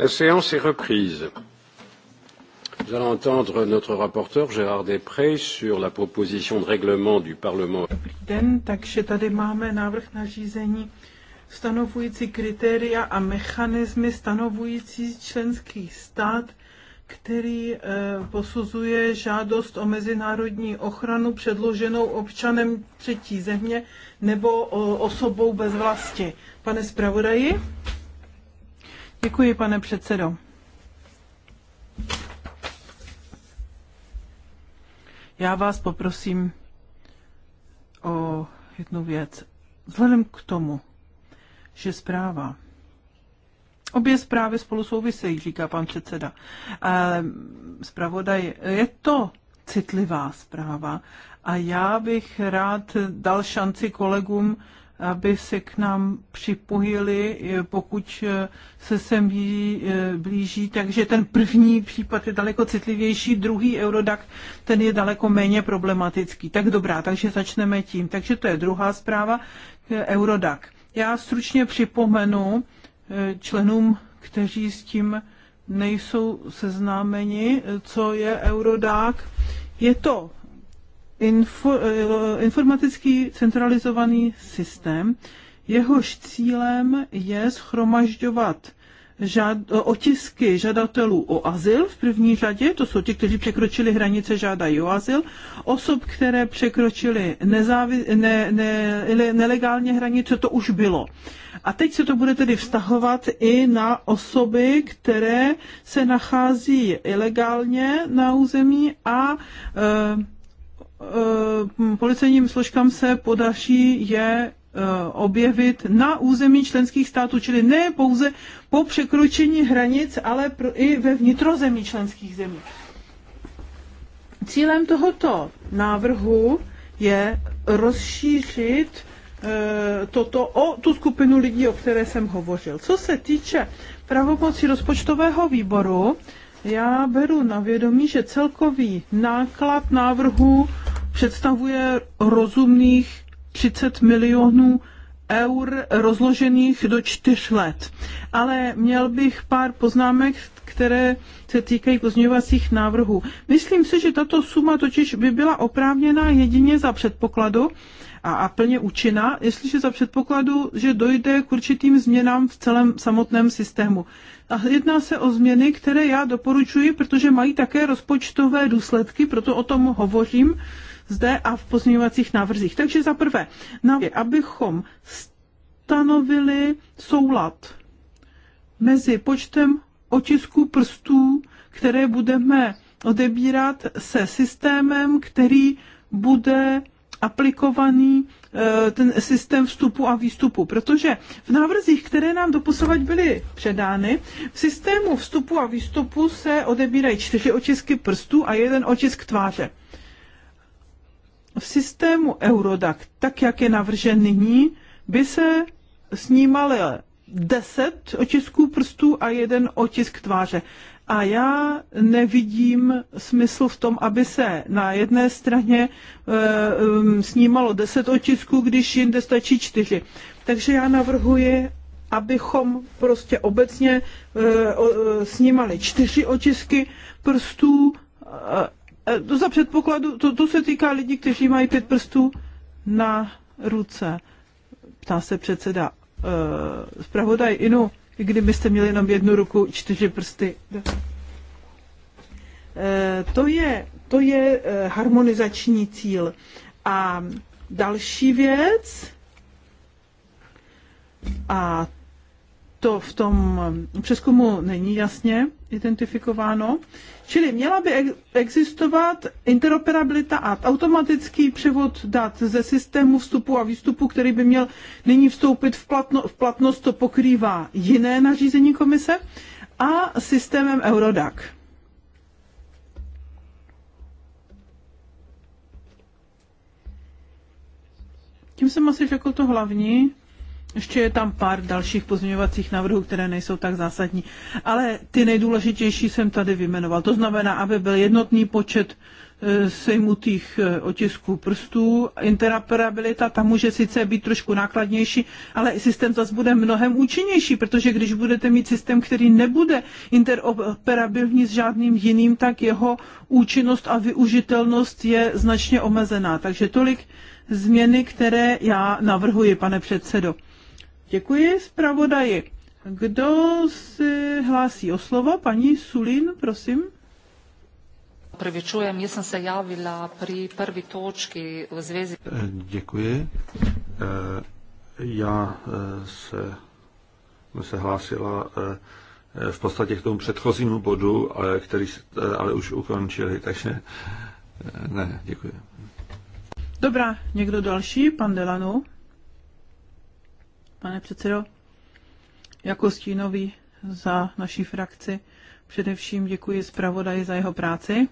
La séance est reprise. Nous allons entendre notre rapporteur Gérard Després sur la proposition de règlement du Parlement. den, takže tady máme návrh na řízení stanovující kritéria a mechanismy stanovující členský stát, který eh, posuzuje žádost o mezinárodní ochranu předloženou občanem třetí země nebo o, osobou bez vlasti. Pane zpravodaji? Děkuji, pane předsedo. Já vás poprosím o jednu věc. Vzhledem k tomu, že zpráva Obě zprávy spolu souvisejí, říká pan předseda. Ale eh, zpravodaj, je to citlivá zpráva a já bych rád dal šanci kolegům aby se k nám připojili, eh, pokud eh, se sem eh, blíží. Takže ten první případ je daleko citlivější, druhý Eurodac, ten je daleko méně problematický. Tak dobrá, takže začneme tím. Takže to je druhá zpráva, Eurodac. Já stručně připomenu členům, kteří s tím nejsou seznámeni, co je Eurodac. Je to info, eh, informatický centralizovaný systém, jehož cílem je schromažďovat žád, otisky žadatelů o azyl v první řadě, to jsou ti, kteří překročili hranice, žádají o azyl, osob, které překročili nezávi, ne, ne, nelegálně hranice, to už bylo. A teď se to bude tedy vztahovat i na osoby, které se nachází ilegálně na území a e, Eh, policejním složkám se podaří je eh, objevit na území členských států, čili ne pouze po překročení hranic, ale i ve vnitrozemí členských zemí. Cílem tohoto návrhu je rozšířit eh, toto o tu skupinu lidí, o které jsem hovořil. Co se týče pravomocí rozpočtového výboru, já beru na vědomí, že celkový náklad návrhu představuje rozumných 30 milionů eur rozložených do čtyř let. Ale měl bych pár poznámek, které se týkají pozměňovacích návrhů. Myslím si, že tato suma totiž by byla oprávněná jedině za předpokladu a, a plně účinná, jestliže za předpokladu, že dojde k určitým změnám v celém samotném systému. A jedná se o změny, které já doporučuji, protože mají také rozpočtové důsledky, proto o tom hovořím zde a v pozměňovacích návrzích. Takže za prvé, abychom stanovili soulad mezi počtem otisků prstů, které budeme odebírat se systémem, který bude aplikovaný e, ten systém vstupu a výstupu, protože v návrzích, které nám doposovat byly předány, v systému vstupu a výstupu se odebírají čtyři otisky prstů a jeden otisk tváře v systému Eurodac, tak jak je navržen nyní, by se snímaly 10 otisků prstů a jeden otisk tváře. A já nevidím smysl v tom, aby se na jedné straně e, snímalo 10 otisků, když jinde stačí 4. Takže já navrhuji, abychom prostě obecně e, o, eh, snímali 4 otisky prstů Eh, za předpokladu, to, to se týká lidí, kteří mají pět prstů na ruce. Ptá se předseda uh, zpravodaj Inu, kdybyste měli jenom jednu ruku, čtyři prsty. Uh, to je, to je uh, harmonizační cíl. A další věc, a to v tom přeskumu není jasně identifikováno. Čili měla by existovat interoperabilita a automatický převod dat ze systému vstupu a výstupu, který by měl nyní vstoupit v, platno, v platnost, to pokrývá jiné nařízení komise, a systémem Eurodac. Tím jsem asi řekl to hlavní. Ještě je tam pár dalších pozměňovacích návrhů, které nejsou tak zásadní. Ale ty nejdůležitější jsem tady vymenoval. To znamená, aby byl jednotný počet e, sejmutých e, otisků prstů. Interoperabilita tam může sice být trošku nákladnější, ale systém zase bude mnohem účinnější, protože když budete mít systém, který nebude interoperabilní s žádným jiným, tak jeho účinnost a využitelnost je značně omezená. Takže tolik změny, které já navrhuji, pane předsedo. Děkuji zpravodaji. Kdo se hlásí o slovo? Paní Sulin, prosím. Prvičujem, eh, eh, eh, jsem se javila při první točky v zvězi. Děkuji. Já se, se hlásila v podstatě k tomu předchozímu bodu, ale, který ale už ukončili, takže ne, děkuji. Dobrá, někdo další? Pan Delano? pane předsedo. Jako stínový za naší frakci především děkuji zpravodaji za jeho práci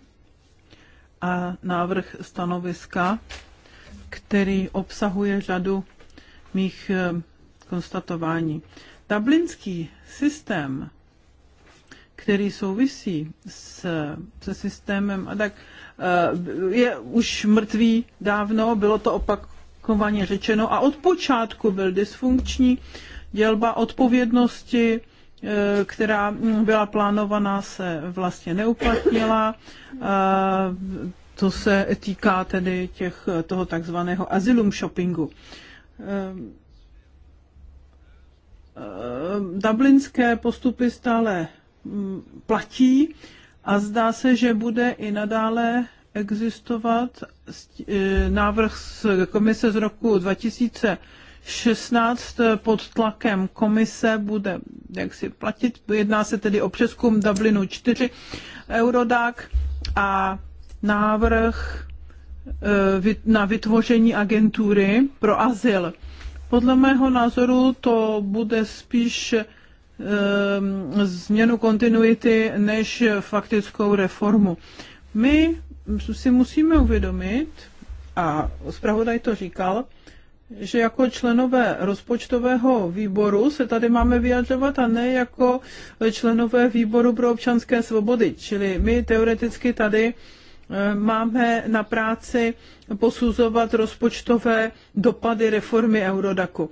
a návrh stanoviska, který obsahuje řadu mých eh, konstatování. Dublinský systém, který souvisí s, se systémem a tak eh, je už mrtvý dávno, bylo to opak, komplikovaně řečeno, a od počátku byl dysfunkční dělba odpovědnosti, e, která mm, byla plánovaná, se vlastně neuplatnila. E, to se týká tedy těch, toho takzvaného asylum shoppingu. E, dublinské postupy stále mm, platí a zdá se, že bude i nadále existovat e, návrh z komise z roku 2016 pod tlakem komise bude jak si platit. Jedná se tedy o přeskum Dublinu 4 Eurodac a návrh e, na vytvoření agentury pro azyl. Podle mého názoru to bude spíš e, změnu kontinuity než faktickou reformu. My si musíme uvědomit, a zpravodaj to říkal, že jako členové rozpočtového výboru se tady máme vyjadřovat a ne jako členové výboru pro občanské svobody. Čili my teoreticky tady e, máme na práci posuzovat rozpočtové dopady reformy Eurodaku.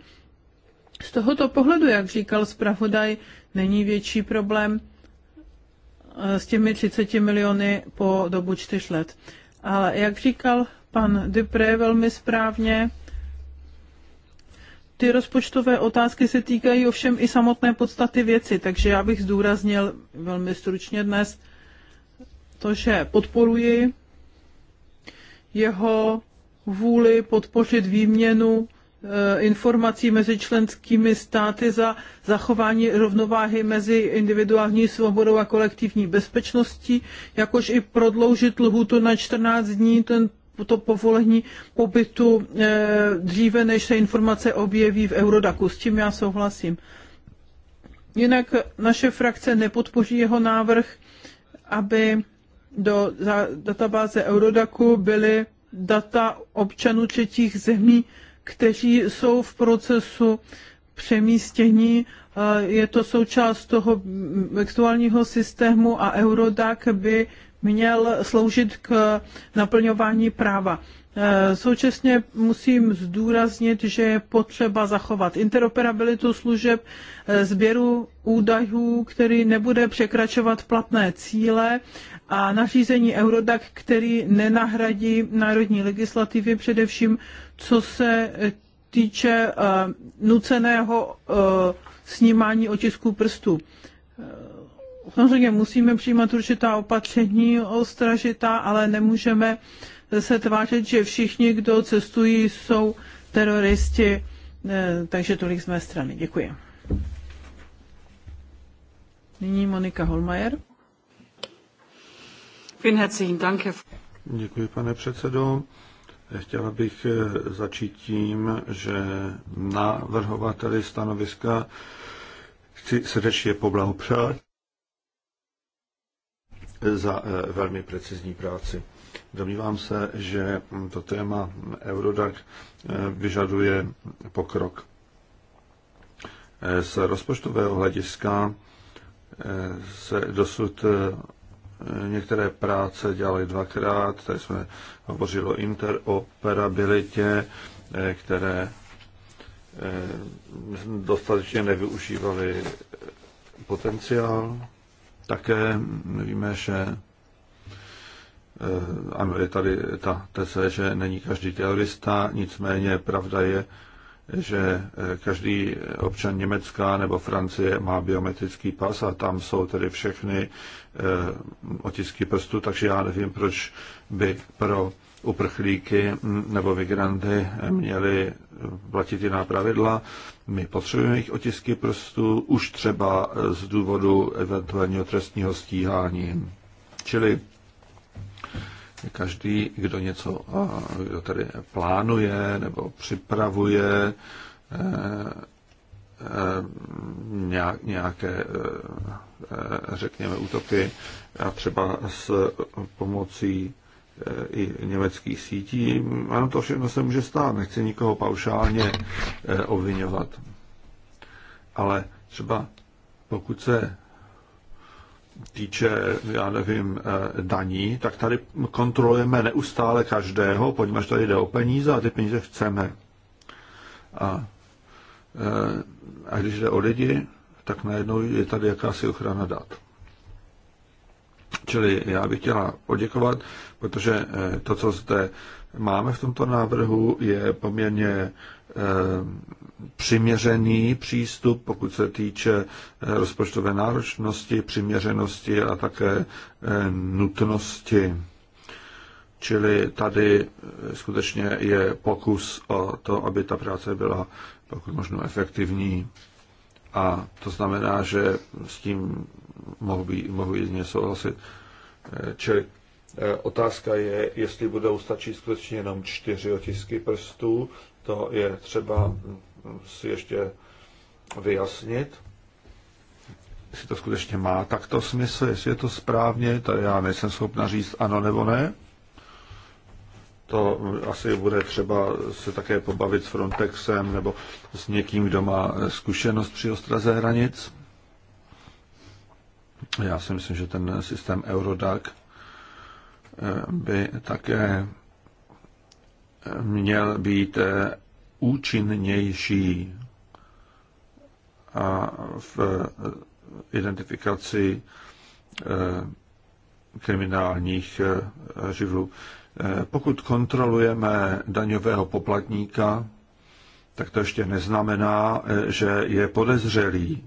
Z tohoto pohledu, jak říkal zpravodaj, není větší problém Eh, s těmi 30 miliony po dobu čtyř let. Ale jak říkal pan Dupré velmi správně, ty rozpočtové otázky se týkají ovšem i samotné podstaty věci, takže já bych zdůraznil velmi stručně dnes to, že podporuji jeho vůli podpořit výměnu Eh, informací mezi členskými státy za zachování rovnováhy mezi individuální svobodou a kolektivní bezpečností, jakož i prodloužit lhůtu na 14 dní ten, to povolení pobytu eh, dříve, než se informace objeví v Eurodaku. S tím já souhlasím. Jinak naše frakce nepodpoří jeho návrh, aby do databáze Eurodaku byly data občanů třetích zemí kteří jsou v procesu přemístění. Eh, je to součást toho aktuálního systému a Eurodac by měl sloužit k naplňování práva. Eh, současně musím zdůraznit, že je potřeba zachovat interoperabilitu služeb eh, sběru údajů, který nebude překračovat platné cíle a nařízení Eurodac, který nenahradí národní legislativy, především co se eh, týče uh, nuceného uh, snímání otisků prstů. Samozřejmě musíme přijímat určitá opatření ostražitá, ale nemůžeme se tvářit, že všichni, kdo cestují, jsou teroristi. Takže tolik z mé strany. Děkuji. Nyní Monika Holmajer. Děkuji, pane předsedo. Chtěla bych eh, začít tím, že navrhovateli stanoviska chci srdečně poblahopřát za eh, velmi precizní práci. Domnívám se, že to téma Eurodac eh, vyžaduje pokrok. Z rozpočtového hlediska se dosud některé práce dělali dvakrát, tady jsme hovořili o interoperabilitě, eh, které eh, dostatečně nevyužívali potenciál. Také víme, že eh, ano, je tady ta teze, že není každý terorista, nicméně pravda je, že eh, každý občan Německa nebo Francie má biometrický pas a tam jsou tedy všechny eh, otisky prstů, takže já nevím, proč by pro uprchlíky hm, nebo migranty měli eh, platit jiná pravidla. My potřebujeme jejich otisky prstů už třeba z důvodu eventuálního trestního stíhání. Čili Vlastně každý, kdo něco kdo tady plánuje nebo připravuje eh, eh, nějaké, eh, řekněme, útoky a třeba s pomocí i německých sítí. Ano, to všechno se může stát, nechci nikoho paušálně obvinovat. Ale třeba pokud se týče, já nevím, eh, daní, tak tady kontrolujeme neustále každého, poněvadž tady jde o peníze a ty peníze chceme. A, eh, a když jde o lidi, tak najednou je tady jakási ochrana dat. Čili já bych chtěla poděkovat, protože eh, to, co zde máme v tomto návrhu, je poměrně Eh, přiměřený přístup, pokud se týče eh, rozpočtové náročnosti, přiměřenosti a také eh, nutnosti. Čili tady skutečně je pokus o to, aby ta práce byla pokud možno efektivní. A to znamená, že s tím mohu, být, mohu jedině souhlasit. Čili Eh, otázka je, jestli budou stačit skutečně jenom čtyři otisky prstů. To je třeba mm, si ještě vyjasnit, jestli to skutečně má takto smysl, jestli je to správně, to já nejsem schopna říct ano nebo ne. To asi bude třeba se také pobavit s Frontexem nebo s někým, kdo má zkušenost při ostraze hranic. Já si myslím, že ten systém Eurodac by také měl být účinnější a v identifikaci eh, kriminálních eh, živlů. Eh, pokud kontrolujeme daňového poplatníka, tak to ještě neznamená, že je podezřelý,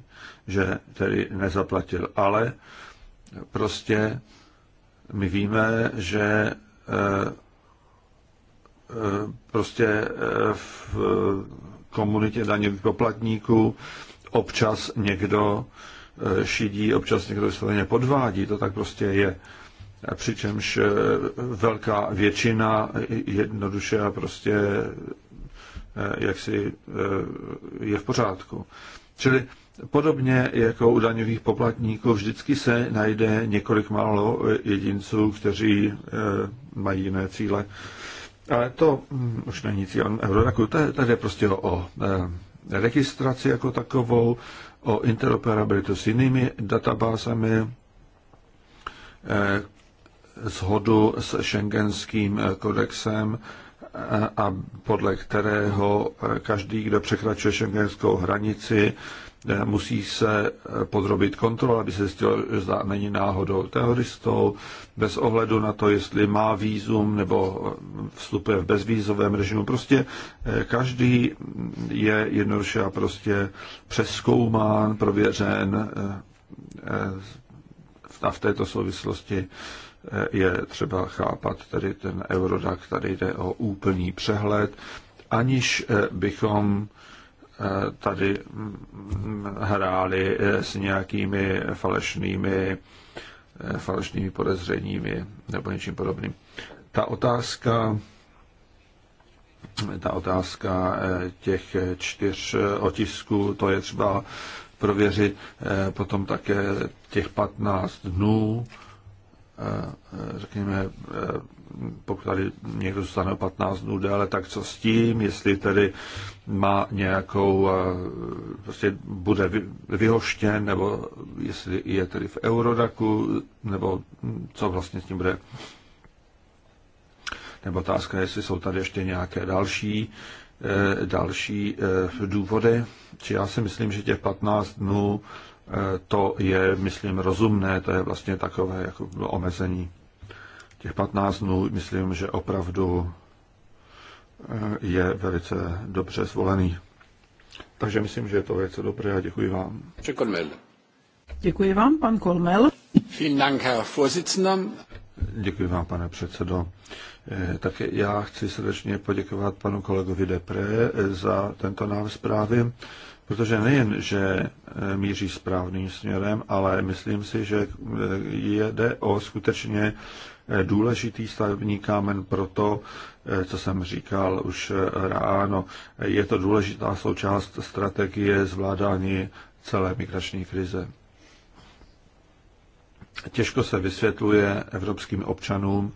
že tedy nezaplatil, ale prostě my víme, že eh, eh, prostě eh, v komunitě daňových poplatníků občas někdo šidí, občas někdo vysloveně podvádí, to tak prostě je. Přičemž velká většina jednoduše a prostě jaksi je v pořádku. Čili Podobně jako u daňových poplatníků vždycky se najde několik málo eh, jedinců, kteří eh, mají jiné cíle. Ale to mm, už není cíl Eurodaku, tady je prostě o eh, registraci jako takovou, o interoperabilitu s jinými databázemi, shodu s šengenským kodexem, a podle kterého každý, kdo překračuje šengenskou hranici, musí se eh, podrobit kontrole, aby se zjistilo, že není náhodou teroristou, bez ohledu na to, jestli má výzum nebo eh, vstupuje v bezvýzovém režimu. Prostě eh, každý je jednoduše a prostě přeskoumán, prověřen a v této souvislosti je třeba chápat tady ten Eurodac, tady jde o úplný přehled, aniž bychom tady mm, hráli eh, s nějakými falešnými, eh, falešnými podezřeními nebo něčím podobným. Ta otázka, ta otázka eh, těch čtyř otisků, to je třeba prověřit potom také těch 15 dnů, řekněme, pokud tady někdo zůstane 15 dnů déle, tak co s tím, jestli tedy má nějakou, eh, prostě bude vyhoštěn, nebo jestli je tedy v Eurodaku, nebo co vlastně s tím bude. Nebo otázka, jestli jsou tady ještě nějaké další, eh, další eh, důvody. Či já si myslím, že těch 15 dnů to je, myslím, rozumné, to je vlastně takové jako omezení těch 15 dnů, myslím, že opravdu eh, je velice dobře zvolený. Takže myslím, že je to velice dobré a děkuji vám. Děkuji vám, pan Kolmel. Děkuji vám, pane předsedo. Eh, Také já chci srdečně poděkovat panu kolegovi Depre eh, za tento návrh zprávy, protože nejen, že míří správným směrem, ale myslím si, že jde o skutečně důležitý stavební kámen pro to, eh, co jsem říkal už eh, ráno, je to důležitá součást strategie zvládání celé migrační krize. Těžko se vysvětluje evropským občanům,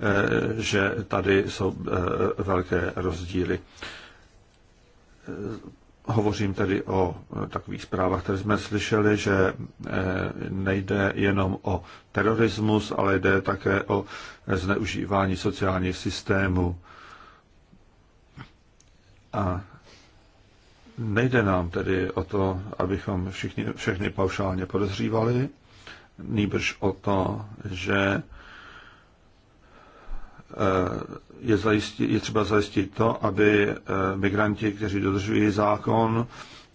eh, že tady jsou velké rozdíly Hovořím tedy o eh, takových zprávách, které jsme slyšeli, že eh, nejde jenom o terorismus, ale jde také o eh, zneužívání sociálních systémů. A nejde nám tedy o to, abychom všichni, všechny paušálně podezřívali, nýbrž o to, že Eh, je, zajistit, je třeba zajistit to, aby eh, migranti, kteří dodržují zákon,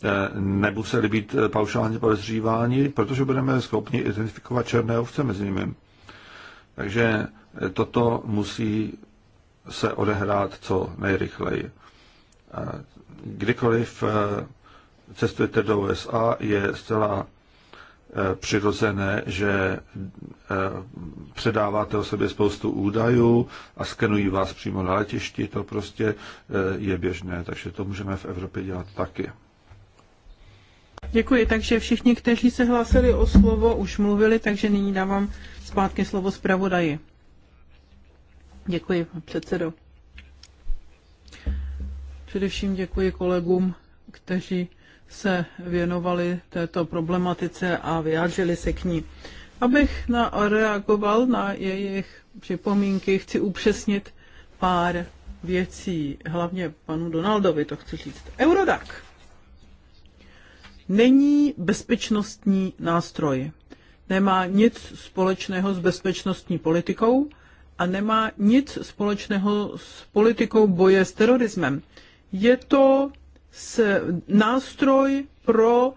eh, nemuseli být paušálně podezříváni, protože budeme schopni identifikovat černé ovce mezi nimi. Takže toto musí se odehrát co nejrychleji. Kdykoliv cestujete do USA, je zcela přirozené, že eh, předáváte o sobě spoustu údajů a skenují vás přímo na letišti, to prostě eh, je běžné, takže to můžeme v Evropě dělat taky. Děkuji, takže všichni, kteří se hlásili o slovo, už mluvili, takže nyní dávám zpátky slovo zpravodaji. Děkuji, pane předsedo. Především děkuji kolegům, kteří se věnovali této problematice a vyjádřili se k ní. Abych na, reagoval na jejich připomínky, chci upřesnit pár věcí, hlavně panu Donaldovi to chci říct. Eurodac není bezpečnostní nástroj. Nemá nic společného s bezpečnostní politikou a nemá nic společného s politikou boje s terorismem. Je to s, nástroj pro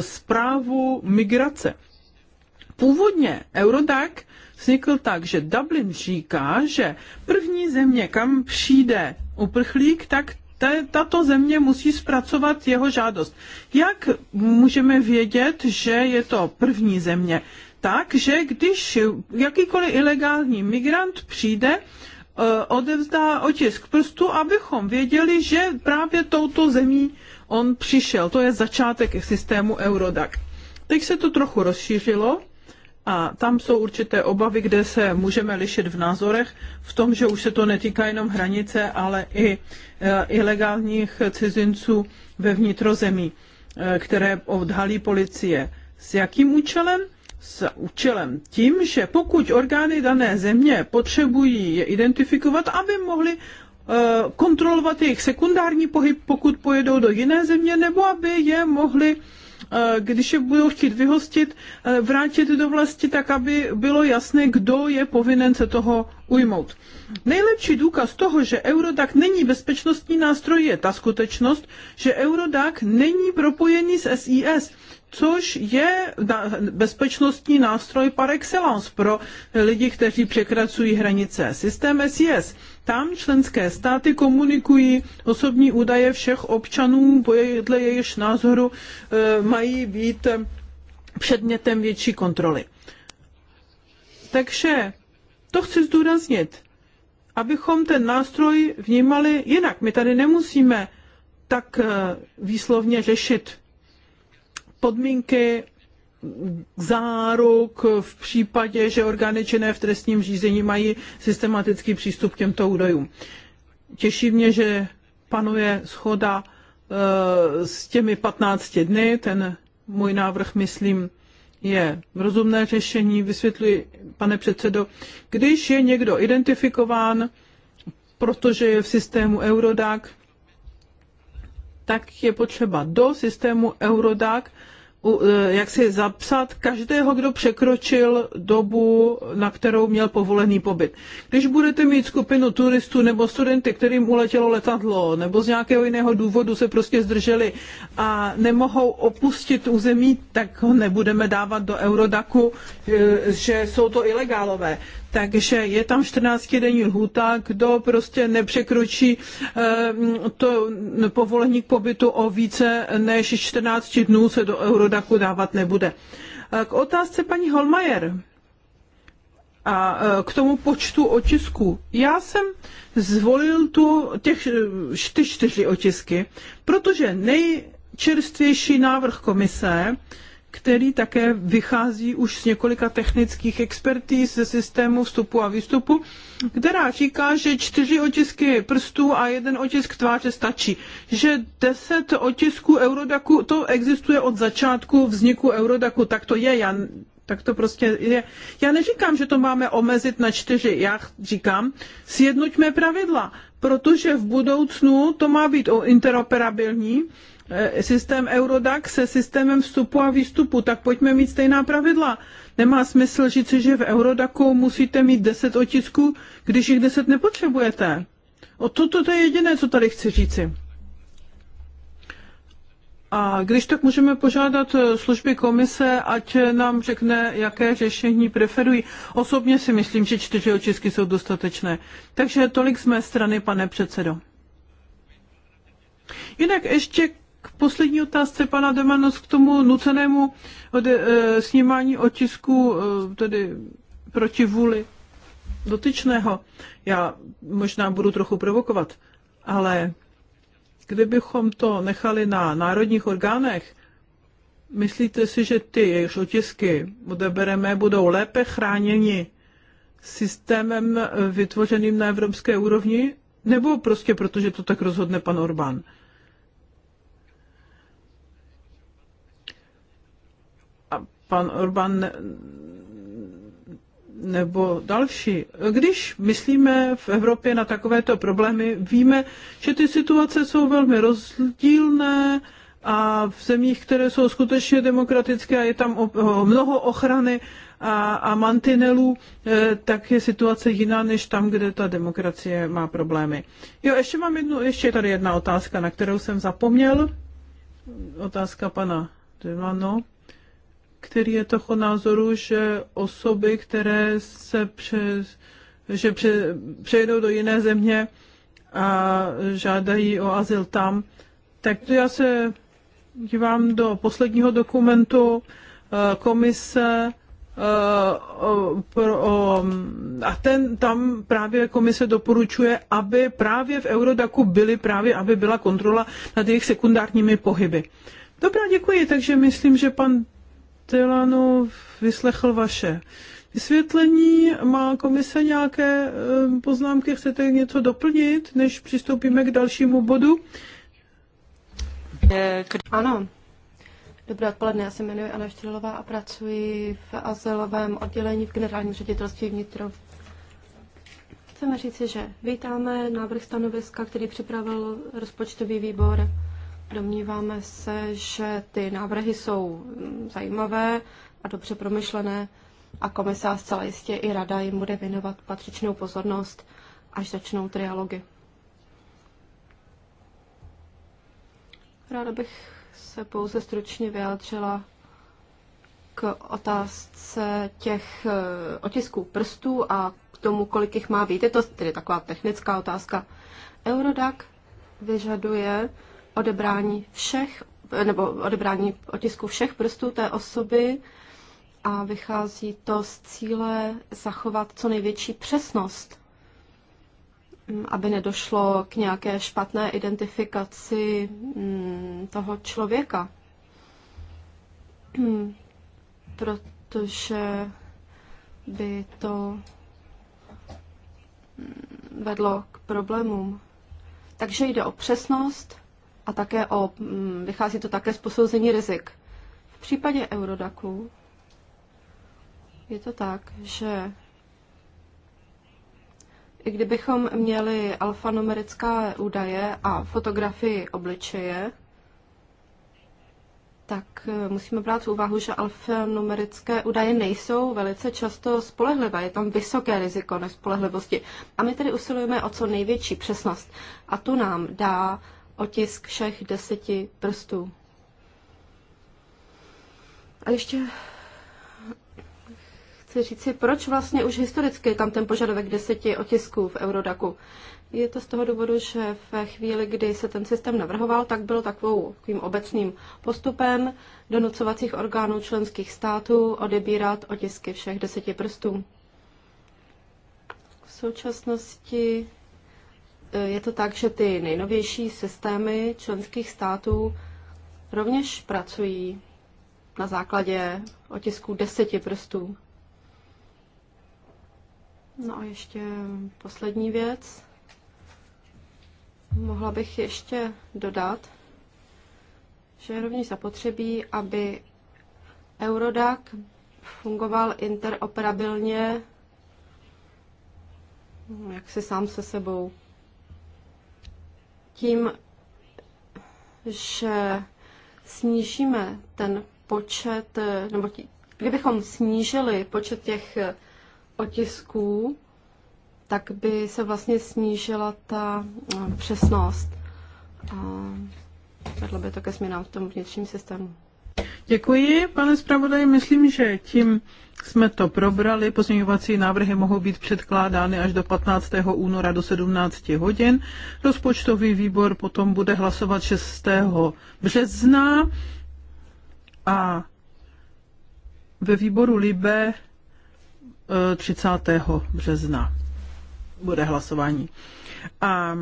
zprávu eh, migrace. Původně Eurodac vznikl tak, že Dublin říká, že první země, kam přijde uprchlík, tak tato země musí zpracovat jeho žádost. Jak můžeme vědět, že je to první země? Tak, že když jakýkoliv ilegální migrant přijde, Eh, odevzdá otisk prstu, abychom věděli, že právě touto zemí on přišel. To je začátek systému Eurodac. Teď se to trochu rozšířilo a tam jsou určité obavy, kde se můžeme lišit v názorech, v tom, že už se to netýká jenom hranice, ale i eh, ilegálních cizinců ve vnitrozemí, eh, které odhalí policie. S jakým účelem? s účelem tím, že pokud orgány dané země potřebují je identifikovat, aby mohli eh, kontrolovat jejich sekundární pohyb, pokud pojedou do jiné země, nebo aby je mohli eh, když je budou chtít vyhostit, eh, vrátit do vlasti, tak aby bylo jasné, kdo je povinen se toho ujmout. Nejlepší důkaz toho, že Eurodac není bezpečnostní nástroj, je ta skutečnost, že Eurodac není propojený s SIS, což je bezpečnostní nástroj par excellence pro lidi, kteří překracují hranice. Systém SIS. Tam členské státy komunikují osobní údaje všech občanů, podle jejich názoru eh, mají být eh, předmětem větší kontroly. Takže to chci zdůraznit, abychom ten nástroj vnímali jinak. My tady nemusíme tak eh, výslovně řešit podmínky záruk v případě, že orgány činné v trestním řízení mají systematický přístup k těmto údajům. Těší mě, že panuje schoda e, s těmi 15 dny. Ten můj návrh, myslím, je rozumné řešení. Vysvětluji, pane předsedo, když je někdo identifikován, protože je v systému Eurodac, tak je potřeba do systému Eurodac E, jak si zapsat každého, kdo překročil dobu, na kterou měl povolený pobyt. Když budete mít skupinu turistů nebo studenty, kterým uletělo letadlo, nebo z nějakého jiného důvodu se prostě zdrželi a nemohou opustit území, tak ho nebudeme dávat do Eurodaku, e, že jsou to ilegálové takže je tam 14-denní lhůta, kdo prostě nepřekročí eh, to povolení k pobytu o více než 14 dnů se do Eurodaku dávat nebude. Eh, k otázce paní Holmajer a eh, k tomu počtu otisků. Já jsem zvolil tu, těch, ty čtyři otisky, protože nejčerstvější návrh komise který také vychází už z několika technických expertí ze systému vstupu a výstupu, která říká, že čtyři otisky prstů a jeden otisk tváře stačí. Že deset otisků Eurodaku, to existuje od začátku vzniku Eurodaku, tak to je, já, tak to prostě je. Já neříkám, že to máme omezit na čtyři, já říkám, sjednoťme pravidla, protože v budoucnu to má být interoperabilní, Eh, systém Eurodac se systémem vstupu a výstupu, tak pojďme mít stejná pravidla. Nemá smysl říct, že v Eurodacu musíte mít 10 otisků, když jich 10 nepotřebujete. O to, to, to je jediné, co tady chci říci. A když tak můžeme požádat eh, služby komise, ať nám řekne, jaké řešení preferují. Osobně si myslím, že čtyři otisky jsou dostatečné. Takže tolik z mé strany, pane předsedo. Jinak ještě k poslední otázce pana Demanos k tomu nucenému ode, e, snímání otisku, e, tedy proti vůli dotyčného. Já možná budu trochu provokovat, ale kdybychom to nechali na národních orgánech, myslíte si, že ty jejich otisky odebereme, budou lépe chráněni systémem vytvořeným na evropské úrovni, nebo prostě protože to tak rozhodne pan Orbán? pan Orbán nebo další. Když myslíme v Evropě na takovéto problémy, víme, že ty situace jsou velmi rozdílné a v zemích, které jsou skutečně demokratické a je tam o, mnoho ochrany a, a mantinelů, eh, tak je situace jiná než tam, kde ta demokracie má problémy. Jo, ještě mám jednu, ještě tady jedna otázka, na kterou jsem zapomněl. Otázka pana Devano který je toho názoru, že osoby, které se přes, že pře, přejdou do jiné země a žádají o azyl tam, tak to já se dívám do posledního dokumentu eh, komise eh, a ten, tam právě komise doporučuje, aby právě v Eurodaku byly právě, aby byla kontrola nad jejich sekundárními pohyby. Dobrá, děkuji. Takže myslím, že pan Tylanu vyslechl vaše vysvětlení. Má komise nějaké poznámky? Chcete něco doplnit, než přistoupíme k dalšímu bodu? Eh, ano. Dobré odpoledne, já se jmenuji Ana Štělová a pracuji v azylovém oddělení v generálním ředitelství vnitro. Chceme říci, že vítáme návrh stanoviska, který připravil rozpočtový výbor Domníváme se, že ty návrhy jsou mm, zajímavé a dobře promyšlené a komisa zcela jistě i rada jim bude věnovat patřičnou pozornost, až začnou trialogy. Ráda bych se pouze stručně vyjádřila k otázce těch eh, otisků prstů a k tomu, kolik jich má být. Je to tedy taková technická otázka. Eurodac vyžaduje odebrání všech, nebo odebrání otisku všech prstů té osoby a vychází to z cíle zachovat co největší přesnost, mm, aby nedošlo k nějaké špatné identifikaci mm, toho člověka. Mm, protože by to vedlo k problémům. Takže jde o přesnost, a také o, mm, vychází to také z posouzení rizik. V případě Eurodaku je to tak, že i kdybychom měli alfanumerické údaje a fotografii obličeje, tak e, musíme brát v úvahu, že alfanumerické údaje nejsou velice často spolehlivé. Je tam vysoké riziko nespolehlivosti. A my tedy usilujeme o co největší přesnost. A tu nám dá otisk všech deseti prstů. A ještě chci říci, proč vlastně už historicky tam ten požadavek deseti otisků v Eurodaku. Je to z toho důvodu, že ve chvíli, kdy se ten systém navrhoval, tak byl takovou, takovým obecným postupem donucovacích orgánů členských států odebírat otisky všech deseti prstů. V současnosti je to tak, že ty nejnovější systémy členských států rovněž pracují na základě otisků deseti prstů. No a ještě poslední věc. Mohla bych ještě dodat, že je rovněž zapotřebí, aby Eurodac fungoval interoperabilně jak si sám se sebou tím, že snížíme ten počet, nebo tí, kdybychom snížili počet těch eh, otisků, tak by se vlastně snížila ta eh, přesnost a vedlo by to ke změnám v tom vnitřním systému. Děkuji, pane zpravodaji. Myslím, že tím jsme to probrali. Pozměňovací návrhy mohou být předkládány až do 15. února do 17 hodin. Rozpočtový výbor potom bude hlasovat 6. března a ve výboru Libe 30. E, března bude hlasování. A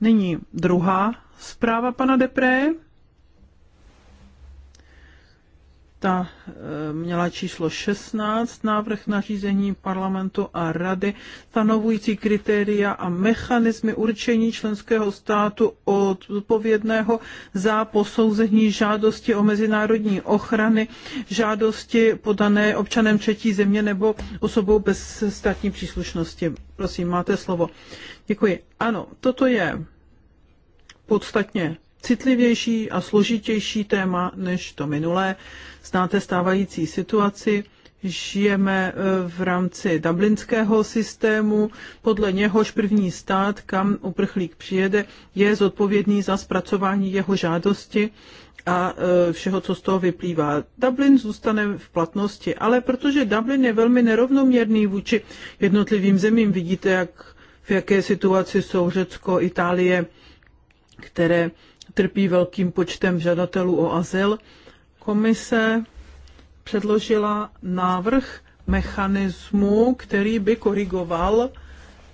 nyní druhá zpráva pana Depré ta eh, měla číslo 16, návrh nařízení parlamentu a rady stanovující kritéria a mechanismy určení členského státu odpovědného za posouzení žádosti o mezinárodní ochrany, žádosti podané občanem třetí země nebo osobou bez státní příslušnosti. Prosím, máte slovo. Děkuji. Ano, toto je podstatně citlivější a složitější téma než to minulé. Znáte stávající situaci, žijeme e, v rámci dublinského systému, podle něhož první stát, kam uprchlík přijede, je zodpovědný za zpracování jeho žádosti a e, všeho, co z toho vyplývá. Dublin zůstane v platnosti, ale protože Dublin je velmi nerovnoměrný vůči jednotlivým zemím, vidíte, jak, v jaké situaci jsou Řecko, Itálie, které trpí velkým počtem žadatelů o azyl. Komise předložila návrh mechanismu, který by korigoval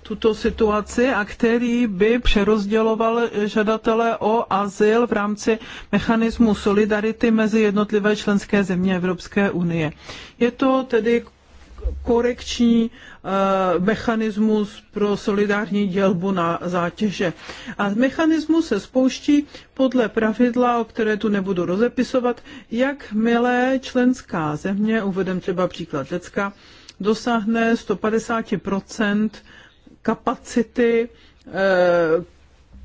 tuto situaci a který by přerozděloval žadatele o azyl v rámci mechanismu solidarity mezi jednotlivé členské země Evropské unie. Je to tedy korekční eh, mechanismus pro solidární dělbu na zátěže. A mechanismus se spouští podle pravidla, o které tu nebudu rozepisovat, jakmile členská země, uvedem třeba příklad Řecka, dosáhne 150 kapacity eh,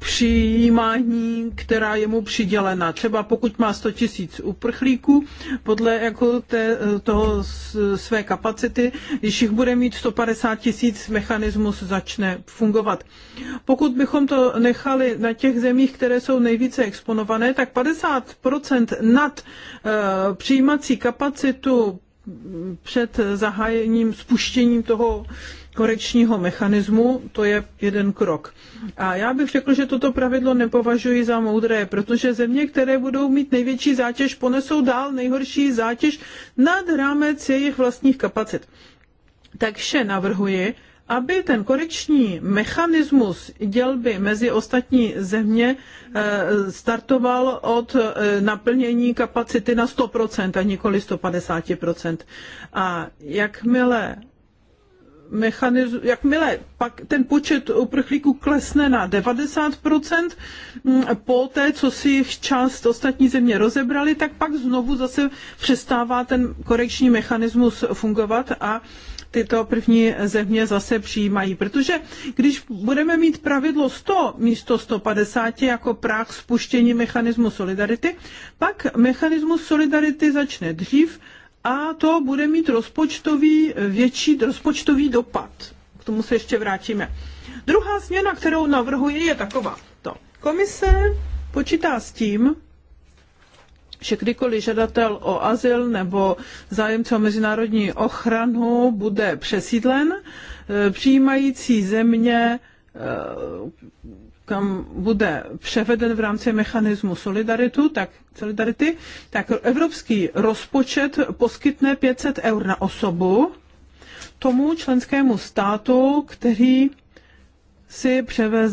přijímání, která je mu přidělena. Třeba pokud má 100 tisíc uprchlíků, podle jako té, toho své kapacity, když jich bude mít 150 tisíc, mechanismus začne fungovat. Pokud bychom to nechali na těch zemích, které jsou nejvíce exponované, tak 50% nad e, přijímací kapacitu před zahájením, spuštěním toho korekčního mechanismu, to je jeden krok. A já bych řekl, že toto pravidlo nepovažuji za moudré, protože země, které budou mít největší zátěž, ponesou dál nejhorší zátěž nad rámec jejich vlastních kapacit. Takže navrhuji, aby ten korekční mechanismus dělby mezi ostatní země eh, startoval od eh, naplnění kapacity na 100% a nikoli 150%. A jakmile mechanismus, jakmile pak ten počet uprchlíků klesne na 90%, mm, po té, co si jich část ostatní země rozebrali, tak pak znovu zase přestává ten korekční mechanismus fungovat a tyto první země zase přijímají. Protože když budeme mít pravidlo 100 místo 150 jako práh spuštění mechanismu solidarity, pak mechanismus solidarity začne dřív a to bude mít rozpočtový, větší rozpočtový dopad. K tomu se ještě vrátíme. Druhá změna, kterou navrhuji, je taková. To. Komise počítá s tím, že kdykoliv žadatel o azyl nebo zájemce o mezinárodní ochranu bude přesídlen, e, přijímající země e, kam bude převeden v rámci mechanismu solidaritu, tak, solidarity, tak evropský rozpočet poskytne 500 eur na osobu tomu členskému státu, který si převez,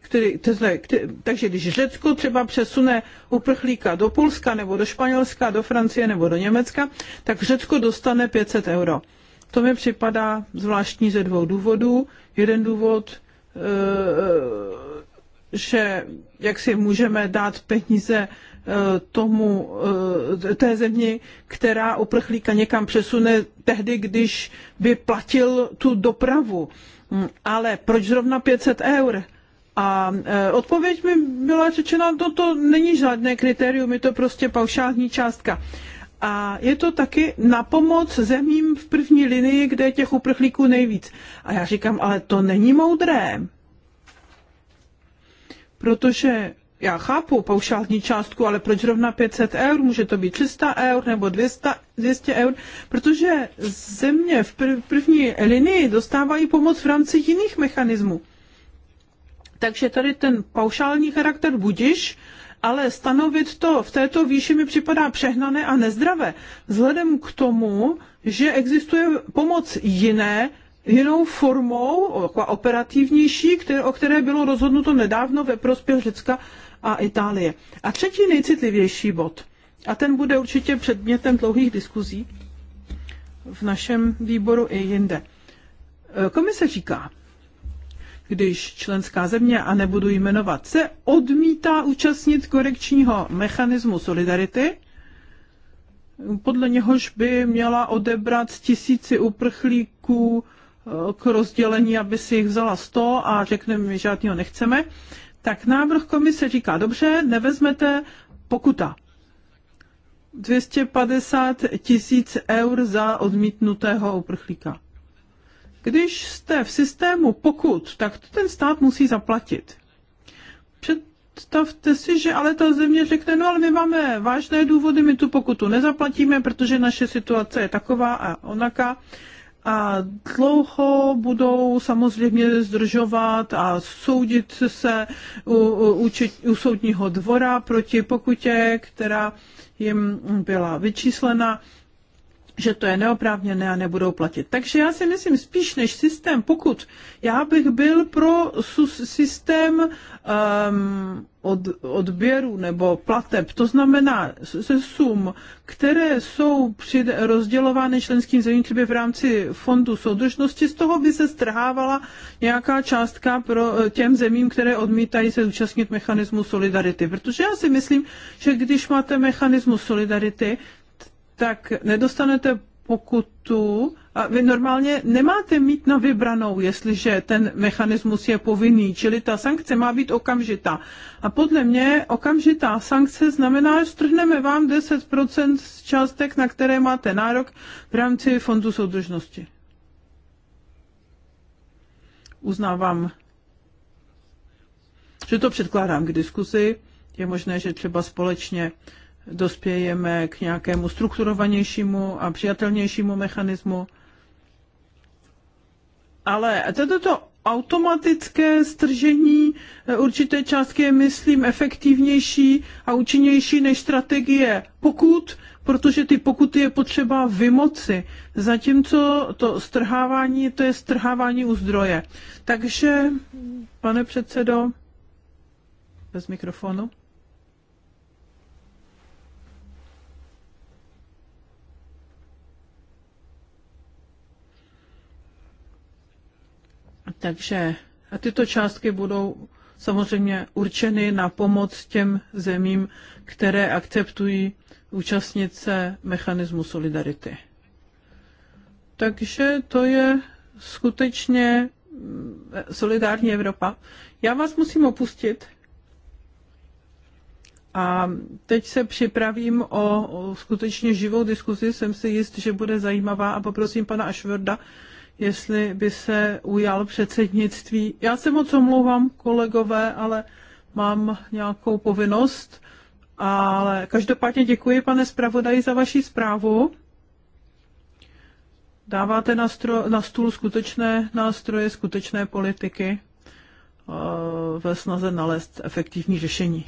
který, tzle, který, takže když Řecko třeba přesune uprchlíka do Polska nebo do Španělska, do Francie nebo do Německa, tak Řecko dostane 500 euro. To mi připadá zvláštní ze dvou důvodů. Jeden důvod Eh, že jak si můžeme dát peníze eh, tomu eh, té zemi, která uprchlíka někam přesune tehdy, když by platil tu dopravu. Mm, ale proč zrovna 500 eur? A odpověď mi byla řečena, no to není žádné kritérium, je to prostě paušální částka a je to taky na pomoc zemím v první linii, kde je těch uprchlíků nejvíc. A já říkám, ale to není moudré. Protože já chápu paušální částku, ale proč rovna 500 eur? Může to být 300 eur nebo 200, 200 eur? Protože země v první linii dostávají pomoc v rámci jiných mechanismů. Takže tady ten paušální charakter budiš, ale stanovit to v této výši mi připadá přehnané a nezdravé, vzhledem k tomu, že existuje pomoc jiné, jinou formou, operativnější, které, o které bylo rozhodnuto nedávno ve prospěch Řecka a Itálie. A třetí nejcitlivější bod, a ten bude určitě předmětem dlouhých diskuzí v našem výboru i jinde. E, komise říká, když členská země, a nebudu jmenovat, se odmítá účastnit korekčního mechanismu solidarity, podle něhož by měla odebrat tisíci uprchlíků eh, k rozdělení, aby si jich vzala 100 a řekne my žádného nechceme, tak návrh komise říká, dobře, nevezmete pokuta. 250 tisíc eur za odmítnutého uprchlíka. Když jste v systému pokud, tak to ten stát musí zaplatit. Představte si, že ale ta země řekne, no ale my máme vážné důvody, my tu pokutu nezaplatíme, protože naše situace je taková a onaká a dlouho budou samozřejmě zdržovat a soudit se u, u, u soudního dvora proti pokutě, která jim byla vyčíslena že to je neoprávněné a nebudou platit. Takže já si myslím, spíš než systém pokud, já bych byl pro systém um, od, odběru nebo plateb, to znamená se sum, které jsou při, rozdělovány členským zemím třeba v rámci fondu soudržnosti, z toho by se strhávala nějaká částka pro eh, těm zemím, které odmítají se účastnit mechanismu solidarity. Protože já si myslím, že když máte mechanismus solidarity, tak nedostanete pokutu a vy normálně nemáte mít na vybranou, jestliže ten mechanismus je povinný, čili ta sankce má být okamžitá. A podle mě okamžitá sankce znamená, že strhneme vám 10% z částek, na které máte nárok v rámci Fondu soudržnosti. Uznávám, že to předkládám k diskuzi. Je možné, že třeba společně dospějeme k nějakému strukturovanějšímu a přijatelnějšímu mechanismu. Ale toto automatické stržení určité částky je, myslím, efektivnější a účinnější než strategie pokud, protože ty pokuty je potřeba vymoci, zatímco to strhávání, to je strhávání u zdroje. Takže, pane předsedo, bez mikrofonu. Takže a tyto částky budou samozřejmě určeny na pomoc těm zemím, které akceptují účastnit se mechanismu solidarity. Takže to je skutečně mm, solidární Evropa. Já vás musím opustit a teď se připravím o, o skutečně živou diskuzi. Jsem si jist, že bude zajímavá a poprosím pana Ašverda, jestli by se ujal předsednictví. Já se moc omlouvám, kolegové, ale mám nějakou povinnost. Ale každopádně děkuji, pane zpravodaji, za vaši zprávu. Dáváte na, stro, na stůl skutečné nástroje, skutečné politiky eh, ve snaze nalézt efektivní řešení.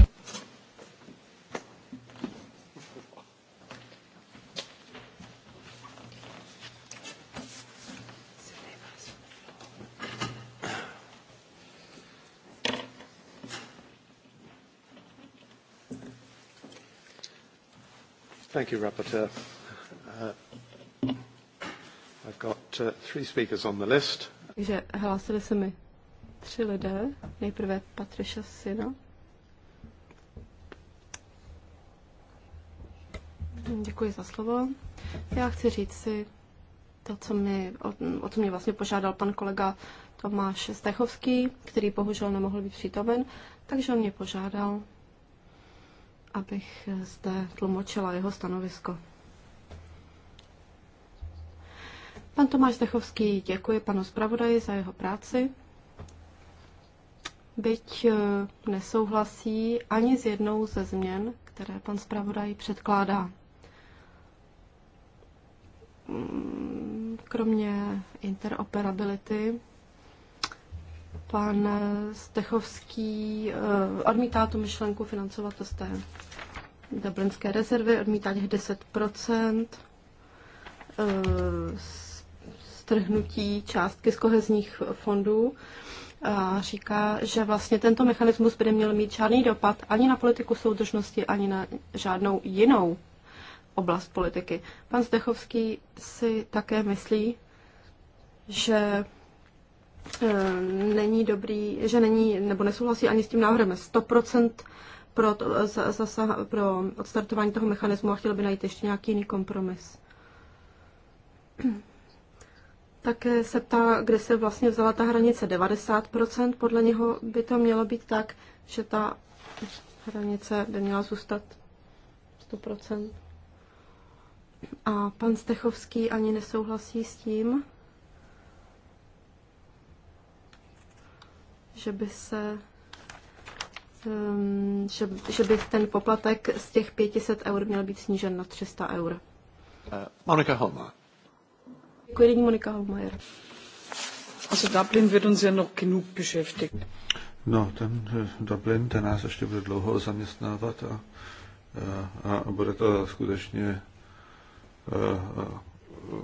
Thank you, Rapporteur. Uh, I've got uh, three speakers on the list. Takže hlásili se mi tři lidé. Nejprve Patricia Sina. Děkuji za slovo. Já chci říct si to, co mi, o, o co mě vlastně požádal pan kolega Tomáš Stechovský, který bohužel nemohl být přítomen, takže on mě požádal, abych eh, zde tlumočila jeho stanovisko. Pan Tomáš Zdechovský děkuje panu zpravodaji za jeho práci, byť eh, nesouhlasí ani s jednou ze změn, které pan zpravodaj předkládá. Mm, kromě interoperability Pan Stechovský eh, eh, odmítá tu myšlenku financovat to z té dublinské rezervy, odmítá těch 10 strhnutí eh, částky z kohezních fondů a říká, že vlastně tento mechanismus by neměl mít žádný dopad ani na politiku soudržnosti, ani na žádnou jinou oblast politiky. Pan Zdechovský si také myslí, že Ehm, není dobrý, že není, nebo nesouhlasí ani s tím návrhem 100% pro, to, za, pro odstartování toho mechanismu a chtěl by najít ještě nějaký jiný kompromis. Také se ptá, kde se vlastně vzala ta hranice 90%. Podle něho by to mělo být tak, že ta hranice by měla zůstat 100%. A pan Stechovský ani nesouhlasí s tím, že by se ehm, že, že by ten poplatek z těch 500 eur měl být snížen na 300 eur. Eh, Monika Holma. Děkuji, nyní Monika Holmajer. Also Dublin wird uns ja noch genug beschäftigen. No, ten eh, Dublin, ten nás ještě bude dlouho zaměstnávat a, eh, a, a bude to skutečně a, a,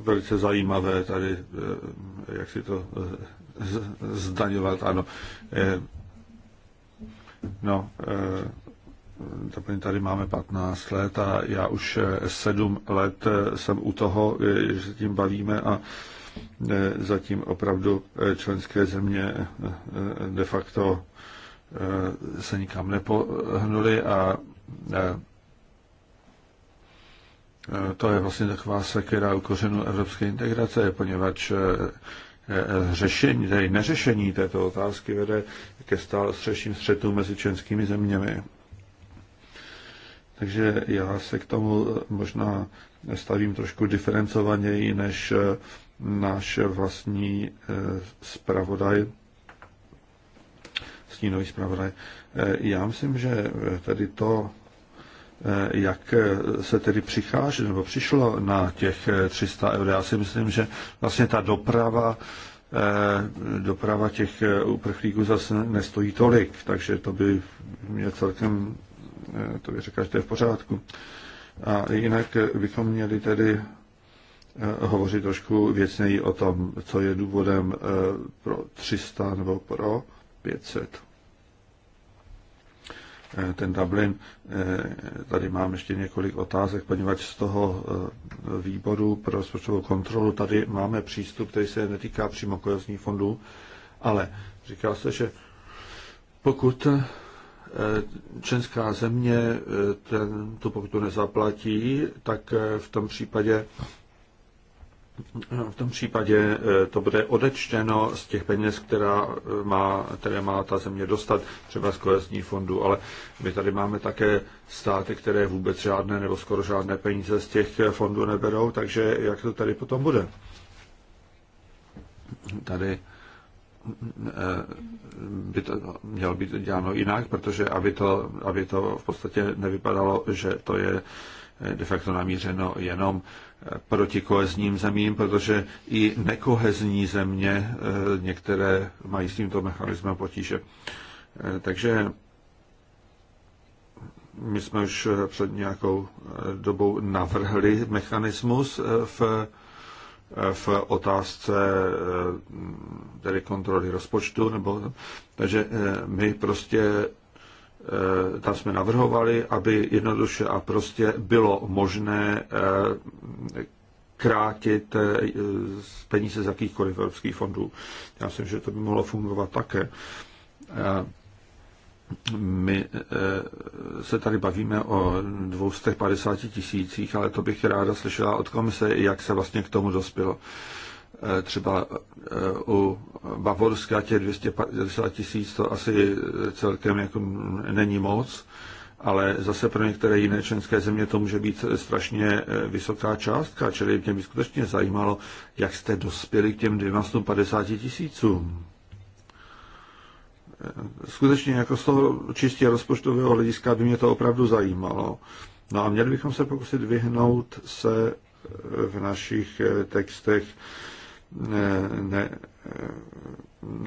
velice zajímavé tady, jak si to zdaňovat, ano. Eh, no, eh, tady máme 15 let a já už 7 eh, let jsem u toho, že se tím bavíme a zatím opravdu členské země de facto se nikam nepohnuli a to je vlastně taková sekera u kořenu evropské integrace, poněvadž Eh, řešení, tedy neřešení této otázky vede ke stále střeším střetům mezi členskými zeměmi. Takže já se k tomu eh, možná stavím trošku diferencovaněji než eh, náš vlastní zpravodaj, stínový zpravodaj. Já myslím, že tedy to, Eh, jak eh, se tedy přichází nebo přišlo na těch 300 eh, eur. Já si myslím, že vlastně ta doprava, doprava těch uprchlíků zase nestojí tolik, takže to by mě celkem, to by řekla, že to je v pořádku. A jinak bychom měli tedy hovořit trošku věcněji o tom, co je důvodem pro 300 nebo pro 500. Eh, ten Dublin. Eh, tady mám ještě několik otázek, poněvadž z toho eh, výboru pro rozpočtovou kontrolu tady máme přístup, který se netýká přímo kohezních fondů, ale říká se, že pokud členská země ten, tu pokutu nezaplatí, tak v tom případě v tom případě eh, to bude odečteno z těch peněz, která eh, má, které má ta země dostat, třeba z kohezní fondu, ale my tady máme také státy, které vůbec žádné nebo skoro žádné peníze z těch eh, fondů neberou, takže jak to tady potom bude? Tady by to mělo být děláno jinak, protože aby to, aby to v podstatě nevypadalo, že to je de facto namířeno jenom proti kohezním zemím, protože i nekohezní země eh, některé mají s tímto mechanismem potíže. Eh, takže my jsme už eh, před nějakou dobou navrhli mechanismus v, v otázce tedy kontroly rozpočtu, nebo, takže my prostě Eh, tam jsme navrhovali, aby jednoduše a prostě bylo možné eh, krátit eh, peníze z jakýchkoliv evropských fondů. Já myslím, že to by mohlo fungovat také. My se tady bavíme o 250 tisících, ale to bych ráda slyšela od komise, jak se vlastně k tomu dospělo. Eh, třeba eh, u Bavorska těch 250 tisíc to asi celkem jako není moc, ale zase pro některé jiné členské země to může být strašně eh, vysoká částka, čili mě by skutečně zajímalo, jak jste dospěli k těm 250 tisícům. Skutečně jako z toho čistě rozpočtového hlediska by mě to opravdu zajímalo. No a měli bychom se pokusit vyhnout se v našich textech ne, ne,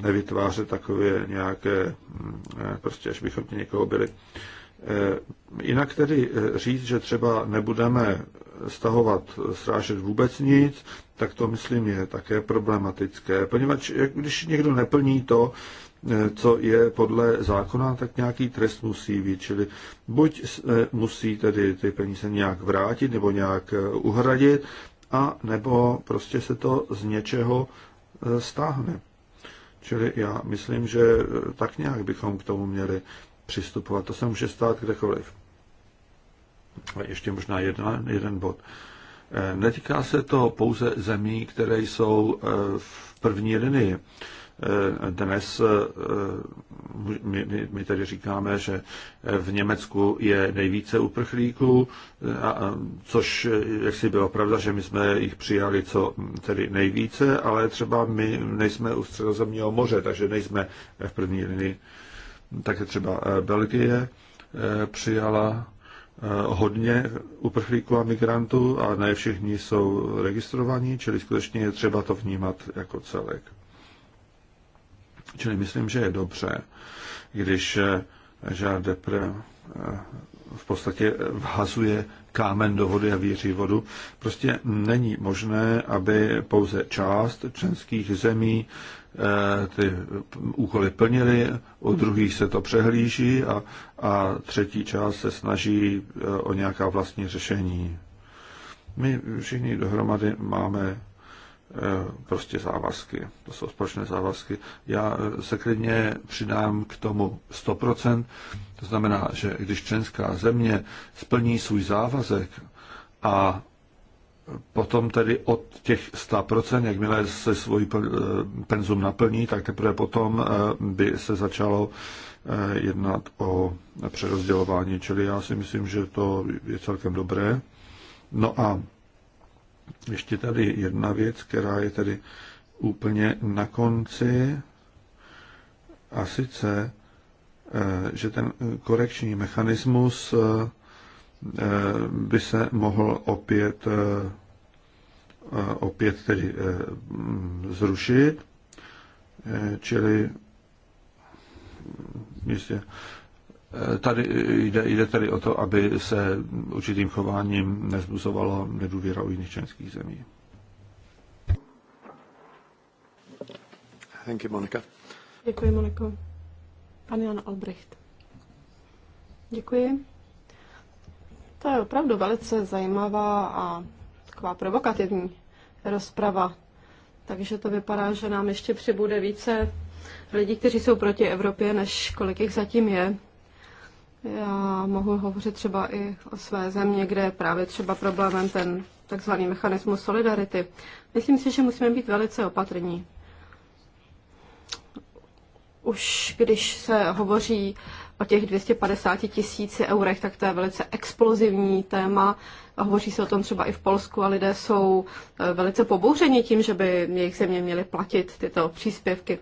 nevytvářet takové nějaké, eh, prostě až bychom někoho byli. Eh, jinak tedy eh, říct, že třeba nebudeme stahovat, srážet vůbec nic, tak to myslím je také problematické, poněvadž když někdo neplní to, co je podle zákona, tak nějaký trest musí být, čili buď musí tedy ty peníze nějak vrátit nebo nějak uhradit, a nebo prostě se to z něčeho e, stáhne. Čili já myslím, že e, tak nějak bychom k tomu měli přistupovat. To se může stát kdekoliv. A ještě možná jedna, jeden bod. E, netýká se to pouze zemí, které jsou v první linii. Eh, dnes eh, my, my tady říkáme, že eh, v Německu je nejvíce uprchlíků, a, což jak si bylo pravda, že my jsme jich přijali co hm, tedy nejvíce, ale třeba my nejsme u středozemního moře, takže nejsme v první linii. Takže třeba Belgie přijala hodně uprchlíků a migrantů a ne všichni jsou registrovaní, čili skutečně je třeba to vnímat jako celek. Čili myslím, že je dobře, když Jean Depre eh, v podstatě vhazuje kámen do vody a víří vodu. Prostě není možné, aby pouze část členských zemí eh, ty úkoly plnili, u druhých se to přehlíží a, a třetí část se snaží eh, o nějaká vlastní řešení. My všichni dohromady máme Eh, prostě závazky. To jsou společné závazky. Já eh, se klidně přidám k tomu 100%. To znamená, že když členská země splní svůj závazek a potom tedy od těch 100%, jakmile se svůj eh, penzum naplní, tak teprve potom by se začalo jednat o přerozdělování. Čili já si myslím, že to je celkem dobré. No a ještě tady jedna věc, která je tady úplně na konci, a sice, eh, že ten korekční mechanismus eh, eh, by se mohl opět, opět tedy zrušit, čili hm, jistě Tady jde, jde tedy o to, aby se určitým chováním nezbuzovala nedůvěra u jiných členských zemí. Thank you, Monika. Děkuji, Moniko. Pan Jan Albrecht. Děkuji. To je opravdu velice zajímavá a taková provokativní rozprava. Takže to vypadá, že nám ještě přibude více lidí, kteří jsou proti Evropě, než kolik jich zatím je. Já mohu hovořit třeba i o své země, kde je právě třeba problémem ten takzvaný mechanismus solidarity. Myslím si, že musíme být velice opatrní. Už když se hovoří o těch 250 tisíci eurech, tak to je velice explozivní téma. Hovoří se o tom třeba i v Polsku a lidé jsou eh, velice pobouřeni tím, že by jejich země měly platit tyto příspěvky.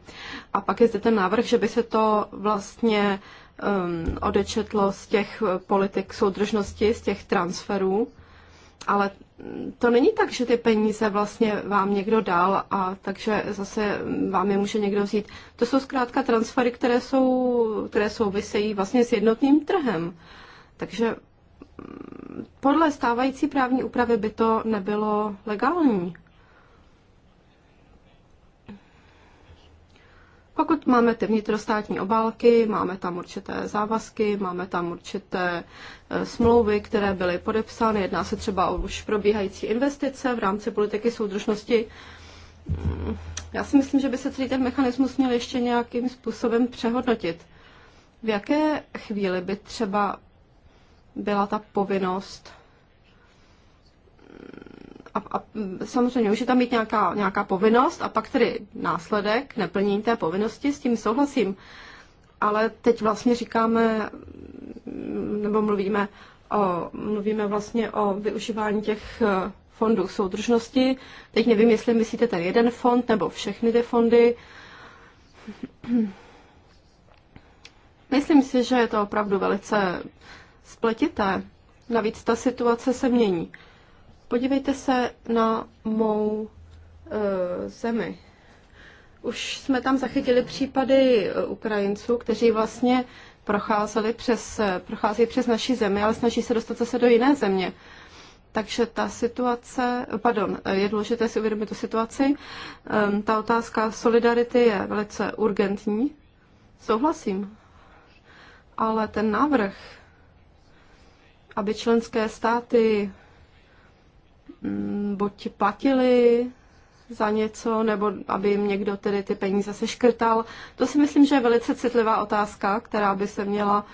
A pak je zde ten návrh, že by se to vlastně um, odečetlo z těch eh, politik soudržnosti, z těch transferů, ale to není tak, že ty peníze vlastně vám někdo dal a takže zase vám je může někdo vzít. To jsou zkrátka transfery, které, jsou, které souvisejí vlastně s jednotným trhem. Takže mm, podle stávající právní úpravy by to nebylo legální. Pokud máme ty vnitrostátní obálky, máme tam určité závazky, máme tam určité eh, smlouvy, které byly podepsány, jedná se třeba o už probíhající investice v rámci politiky soudržnosti. Mm, já si myslím, že by se celý ten mechanismus měl ještě nějakým způsobem přehodnotit. V jaké chvíli by třeba byla ta povinnost a, a samozřejmě může tam být nějaká, nějaká povinnost a pak tedy následek neplnění té povinnosti, s tím souhlasím. Ale teď vlastně říkáme, nebo mluvíme o, mluvíme vlastně o využívání těch eh, fondů soudržnosti. Teď nevím, jestli myslíte ten jeden fond nebo všechny ty fondy. Myslím si, že je to opravdu velice spletité. Navíc ta situace se mění. Podívejte se na mou e, zemi. Už jsme tam zachytili případy eh, Ukrajinců, kteří vlastně procházeli přes, eh, prochází přes naši zemi, ale snaží se dostat zase do jiné země. Takže ta situace, pardon, je důležité si uvědomit tu situaci. Ehm, ta otázka solidarity je velice urgentní. Souhlasím. Ale ten návrh, aby členské státy Mm, buď platili za něco, nebo aby jim někdo tedy ty peníze seškrtal. To si myslím, že je velice citlivá otázka, která by se měla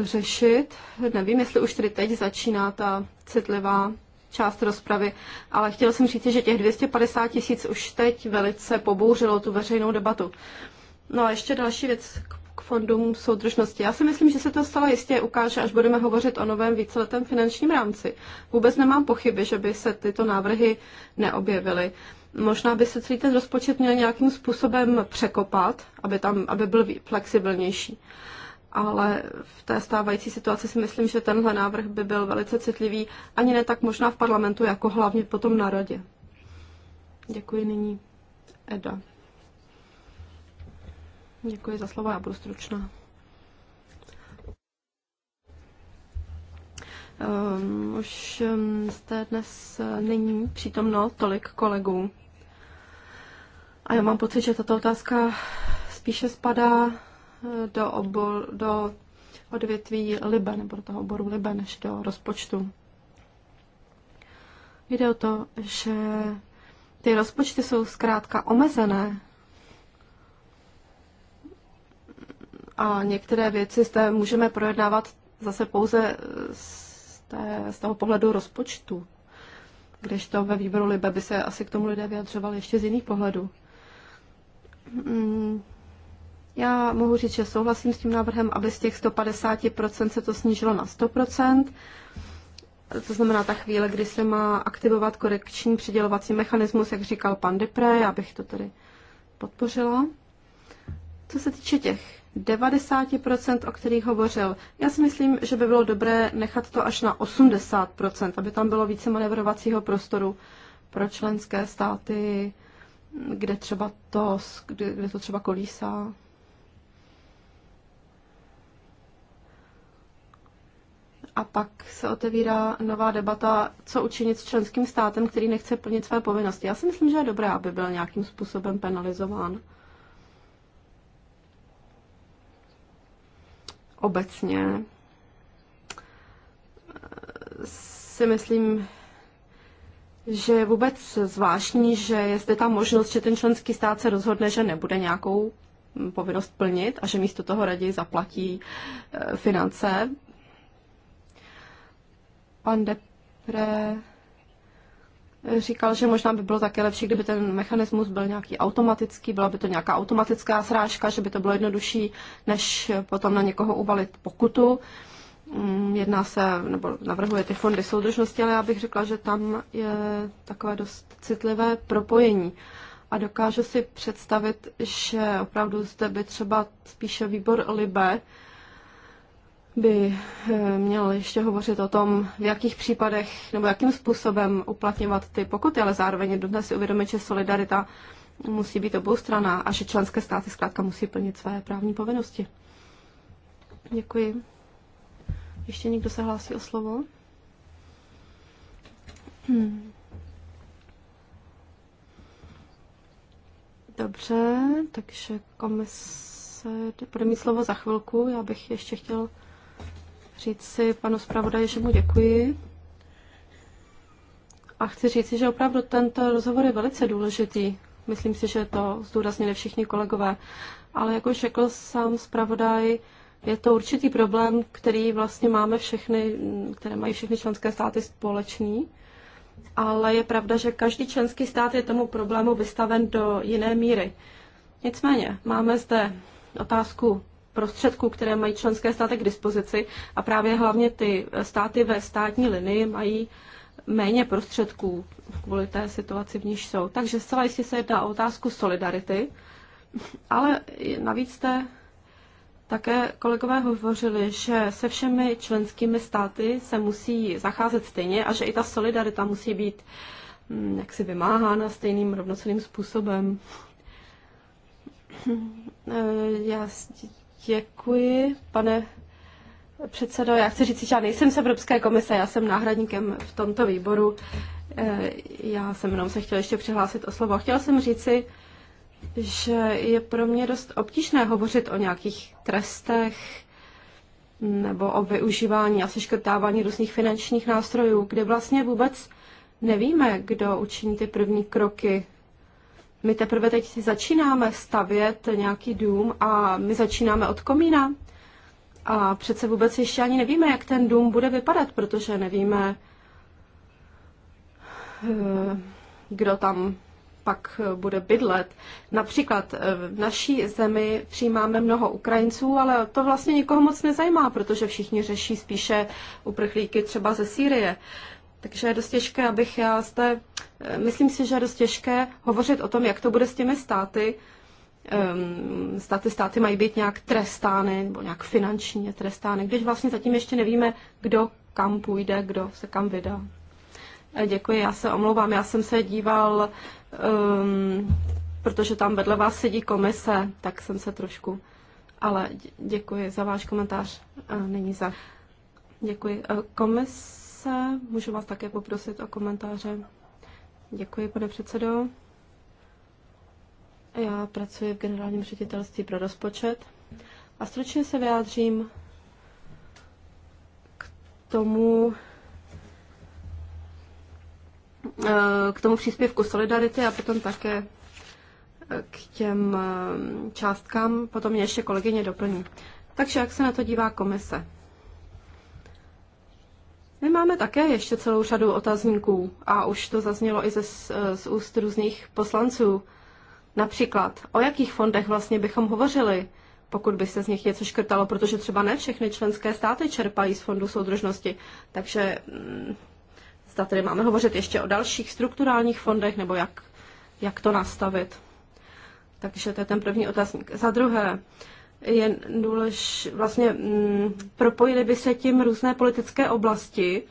e, řešit. Nevím, jestli už tedy teď začíná ta citlivá část rozpravy, ale chtěla jsem říct, že těch 250 tisíc už teď velice pobouřilo tu veřejnou debatu. No a ještě další věc k fondům soudržnosti. Já si myslím, že se to stále jistě ukáže, až budeme hovořit o novém víceletém finančním rámci. Vůbec nemám pochyby, že by se tyto návrhy neobjevily. Možná by se celý ten rozpočet měl nějakým způsobem překopat, aby, tam, aby byl flexibilnější. Ale v té stávající situaci si myslím, že tenhle návrh by byl velice citlivý, ani ne tak možná v parlamentu, jako hlavně potom na radě. Děkuji nyní. Eda. Děkuji za slovo, já budu stručná. Um, už ehm, jste dnes eh, není přítomno tolik kolegů. A já mám pocit, že tato otázka spíše spadá eh, do, obor, do odvětví Libe, nebo do toho oboru Libe, než do rozpočtu. Jde o to, že ty rozpočty jsou zkrátka omezené a některé věci zde můžeme projednávat zase pouze z, té, z toho pohledu rozpočtu, když to ve výboru Libe by se asi k tomu lidé vyjadřovali ještě z jiných pohledů. Mm, já mohu říct, že souhlasím s tím návrhem, aby z těch 150% se to snížilo na 100%. To znamená ta chvíle, kdy se má aktivovat korekční přidělovací mechanismus, jak říkal pan Depre, já bych to tedy podpořila. Co se týče těch 90%, o kterých hovořil. Já si myslím, že by bylo dobré nechat to až na 80%, aby tam bylo více manevrovacího prostoru pro členské státy, kde třeba to, kde, kde to třeba kolísá. A pak se otevírá nová debata, co učinit s členským státem, který nechce plnit své povinnosti. Já si myslím, že je dobré, aby byl nějakým způsobem penalizován. obecně si myslím, že je vůbec zvláštní, že je zde ta možnost, že ten členský stát se rozhodne, že nebude nějakou povinnost plnit a že místo toho raději zaplatí eh, finance. Pan Depre říkal, že možná by bylo také lepší, kdyby ten mechanismus byl nějaký automatický, byla by to nějaká automatická srážka, že by to bylo jednodušší, než potom na někoho uvalit pokutu. Mm, jedná se, nebo navrhuje ty fondy soudržnosti, ale já bych řekla, že tam je takové dost citlivé propojení. A dokážu si představit, že opravdu zde by třeba spíše výbor Libe by eh, měl ještě hovořit o tom, v jakých případech nebo jakým způsobem uplatňovat ty pokuty, ale zároveň dnes si uvědomit, že solidarita musí být oboustraná a že členské státy zkrátka musí plnit své právní povinnosti. Děkuji. Ještě někdo se hlásí o slovo? Hmm. Dobře, takže komise bude mít slovo za chvilku. Já bych ještě chtěl říci panu zpravodaji, že mu děkuji. A chci říci, že opravdu tento rozhovor je velice důležitý. Myslím si, že to zdůraznili všichni kolegové. Ale jak už řekl sám zpravodaj, je to určitý problém, který vlastně máme všechny, které mají všechny členské státy společný. Ale je pravda, že každý členský stát je tomu problému vystaven do jiné míry. Nicméně máme zde otázku prostředků, které mají členské státy k dispozici a právě hlavně ty státy ve státní linii mají méně prostředků kvůli té situaci, v níž jsou. Takže zcela jistě se jedná o otázku solidarity, ale navíc jste také kolegové hovořili, že se všemi členskými státy se musí zacházet stejně a že i ta solidarita musí být mm, jaksi vymáhána stejným rovnoceným způsobem. Já Děkuji, pane předsedo. Já chci říct, že já nejsem z Evropské komise, já jsem náhradníkem v tomto výboru. Eh, já jsem jenom se chtěla ještě přihlásit o slovo. Chtěla jsem říci, že je pro mě dost obtížné hovořit o nějakých trestech nebo o využívání a seškrtávání různých finančních nástrojů, kde vlastně vůbec nevíme, kdo učiní ty první kroky my teprve teď si začínáme stavět nějaký dům a my začínáme od komína. A přece vůbec ještě ani nevíme, jak ten dům bude vypadat, protože nevíme, eh, kdo tam pak bude bydlet. Například eh, v naší zemi přijímáme mnoho Ukrajinců, ale to vlastně nikoho moc nezajímá, protože všichni řeší spíše uprchlíky třeba ze Sýrie. Takže je dost těžké, abych já zde Myslím si, že je dost těžké hovořit o tom, jak to bude s těmi státy. Ehm, státy, státy mají být nějak trestány nebo nějak finančně trestány, když vlastně zatím ještě nevíme, kdo kam půjde, kdo se kam vydá. Eh, děkuji, já se omlouvám, já jsem se díval, um, protože tam vedle vás sedí komise, tak jsem se trošku, ale děkuji za váš komentář, není za. Děkuji. Eh, komise, můžu vás také poprosit o komentáře? Děkuji, pane předsedo. Já pracuji v generálním ředitelství pro rozpočet a stručně se vyjádřím k tomu, eh, k tomu příspěvku Solidarity a potom také eh, k těm eh, částkám, potom mě ještě kolegyně doplní. Takže jak se na to dívá komise? My máme také ještě celou řadu otazníků a už to zaznělo i ze, z úst různých poslanců. Například, o jakých fondech vlastně bychom hovořili, pokud by se z nich něco škrtalo, protože třeba ne všechny členské státy čerpají z fondu soudržnosti. Takže mm, zda tedy máme hovořit ještě o dalších strukturálních fondech, nebo jak, jak to nastavit. Takže to je ten první otazník. Za druhé, je důlež, vlastně m, mm, propojili by se tím různé politické oblasti,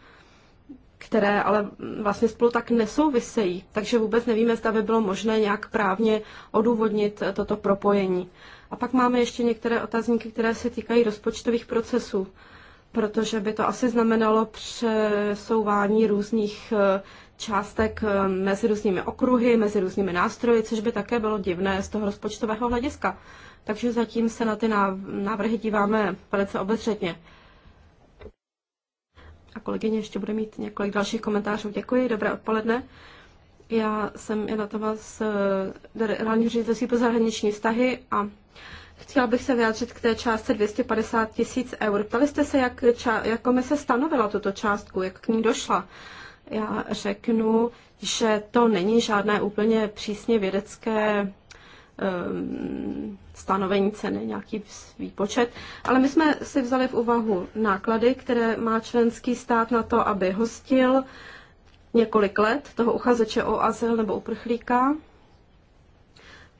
které ale vlastně spolu tak nesouvisejí. Takže vůbec nevíme, zda by bylo možné nějak právně odůvodnit toto propojení. A pak máme ještě některé otazníky, které se týkají rozpočtových procesů, protože by to asi znamenalo přesouvání různých eh, částek eh, mezi různými okruhy, mezi různými nástroji, což by také bylo divné z toho rozpočtového hlediska takže zatím se na ty návrhy díváme velice obezřetně. A kolegyně ještě bude mít několik dalších komentářů. Děkuji, dobré odpoledne. Já jsem Iratova z eh, Reálního ředitelství pro zahraniční vztahy a chtěla bych se vyjádřit k té částce 250 tisíc eur. Ptali jste se, jak, ča, jak komise stanovila tuto částku, jak k ní došla. Já řeknu, že to není žádné úplně přísně vědecké Ehm, stanovení ceny, nějaký výpočet, ale my jsme si vzali v úvahu náklady, které má členský stát na to, aby hostil několik let toho uchazeče o azyl nebo uprchlíka.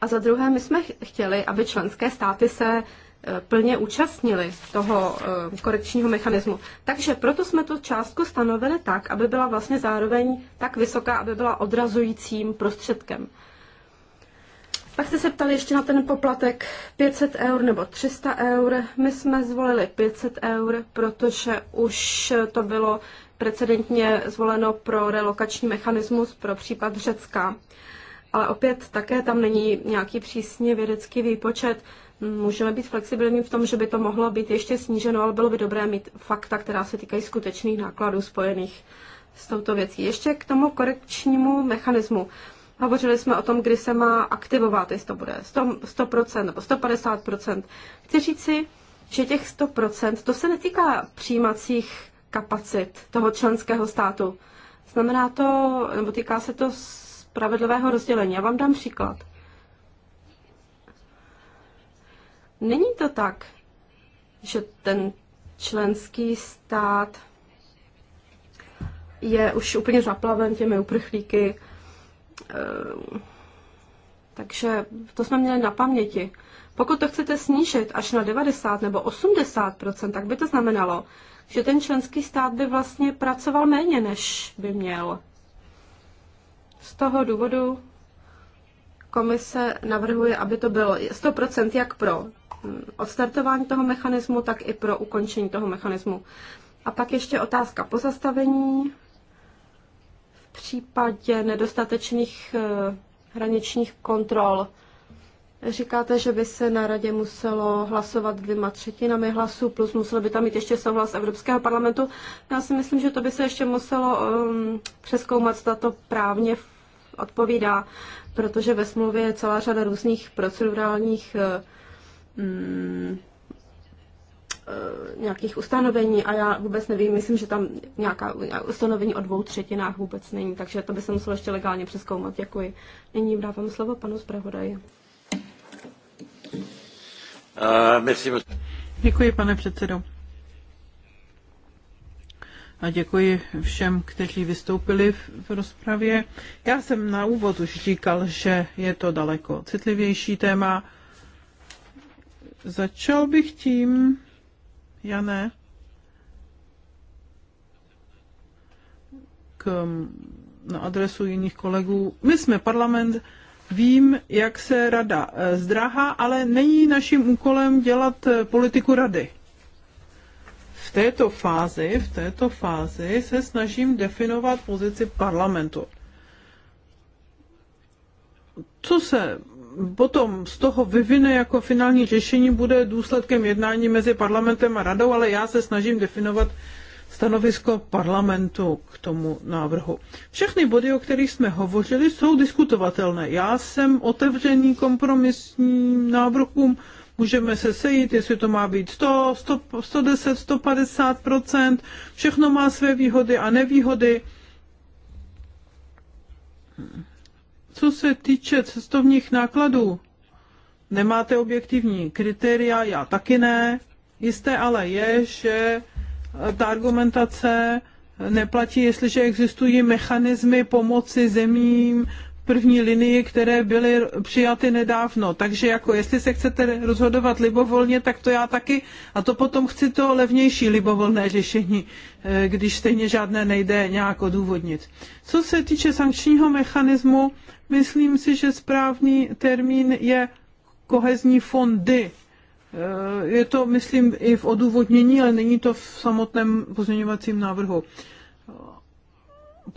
A za druhé, my jsme chtěli, aby členské státy se eh, plně účastnili toho eh, korekčního mechanismu. Takže proto jsme tu částku stanovili tak, aby byla vlastně zároveň tak vysoká, aby byla odrazujícím prostředkem. Pak jste se ptali ještě na ten poplatek 500 eur nebo 300 eur. My jsme zvolili 500 eur, protože už to bylo precedentně zvoleno pro relokační mechanismus pro případ Řecka. Ale opět také tam není nějaký přísně vědecký výpočet. Můžeme být flexibilní v tom, že by to mohlo být ještě sníženo, ale bylo by dobré mít fakta, která se týkají skutečných nákladů spojených s touto věcí. Ještě k tomu korekčnímu mechanismu. Hovořili jsme o tom, kdy se má aktivovat, jestli to bude 100%, 100% nebo 150%. Chci říci, že těch 100% to se netýká přijímacích kapacit toho členského státu. Znamená to, nebo týká se to spravedlivého rozdělení. Já vám dám příklad. Není to tak, že ten členský stát je už úplně zaplaven těmi uprchlíky Eh, takže to jsme měli na paměti. Pokud to chcete snížit až na 90 nebo 80 tak by to znamenalo, že ten členský stát by vlastně pracoval méně, než by měl. Z toho důvodu komise navrhuje, aby to bylo 100 jak pro hm, odstartování toho mechanismu, tak i pro ukončení toho mechanismu. A pak ještě otázka pozastavení případě nedostatečných eh, hraničních kontrol. Říkáte, že by se na radě muselo hlasovat dvěma třetinami hlasů, plus muselo by tam mít ještě souhlas Evropského parlamentu. Já si myslím, že to by se ještě muselo um, přeskoumat, zda to právně odpovídá, protože ve smlouvě je celá řada různých procedurálních um, Eh, nějakých ustanovení a já vůbec nevím, myslím, že tam nějaká ustanovení o dvou třetinách vůbec není, takže to by se muselo ještě legálně přeskoumat. Děkuji. Nyní dávám slovo panu zpravodaji. Eh, děkuji, pane předsedo. A děkuji všem, kteří vystoupili v rozpravě. Já jsem na úvod už říkal, že je to daleko citlivější téma. Začal bych tím, Jane, k, mm, na adresu jiných kolegů. My jsme parlament, vím, jak se rada eh, zdráhá, ale není naším úkolem dělat eh, politiku rady. V této fázi, v této fázi se snažím definovat pozici parlamentu. Co se potom z toho vyvine jako finální řešení, bude důsledkem jednání mezi parlamentem a radou, ale já se snažím definovat stanovisko parlamentu k tomu návrhu. Všechny body, o kterých jsme hovořili, jsou diskutovatelné. Já jsem otevřený kompromisním návrhům, můžeme se sejít, jestli to má být 100, 100 110, 150 všechno má své výhody a nevýhody. Co se týče cestovních nákladů, nemáte objektivní kritéria, já taky ne. Jisté ale je, že eh, ta argumentace eh, neplatí, jestliže existují mechanismy pomoci zemím první linii, které byly přijaty nedávno. Takže jako jestli se chcete rozhodovat libovolně, tak to já taky. A to potom chci to levnější libovolné řešení, eh, když stejně žádné nejde nějak odůvodnit. Co se týče sankčního mechanismu, myslím si, že správný termín je kohezní fondy. Eh, je to, myslím, i v odůvodnění, ale není to v samotném pozměňovacím návrhu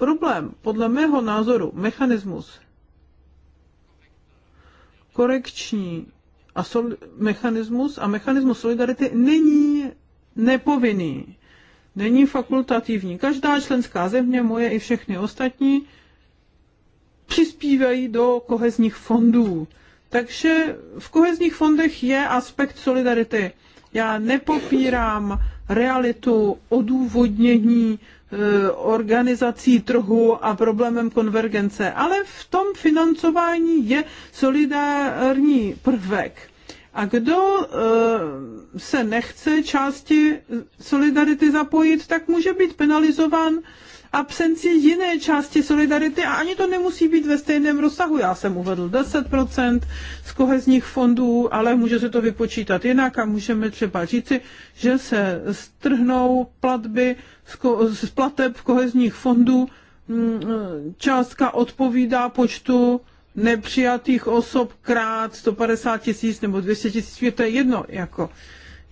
problém, podle mého názoru, mechanismus korekční a sol- mechanismus a mechanismus solidarity není nepovinný, není fakultativní. Každá členská země, moje i všechny ostatní, přispívají do kohezních fondů. Takže v kohezních fondech je aspekt solidarity. Já nepopírám realitu odůvodnění Eh, organizací trhu a problémem konvergence, ale v tom financování je solidární prvek. A kdo eh, se nechce části solidarity zapojit, tak může být penalizován absenci jiné části solidarity a ani to nemusí být ve stejném rozsahu. Já jsem uvedl 10% z kohezních fondů, ale může se to vypočítat jinak a můžeme třeba říci, že se strhnou platby z plateb kohezních fondů. Mm, částka odpovídá počtu nepřijatých osob krát 150 tisíc nebo 200 tisíc, to je jedno, jako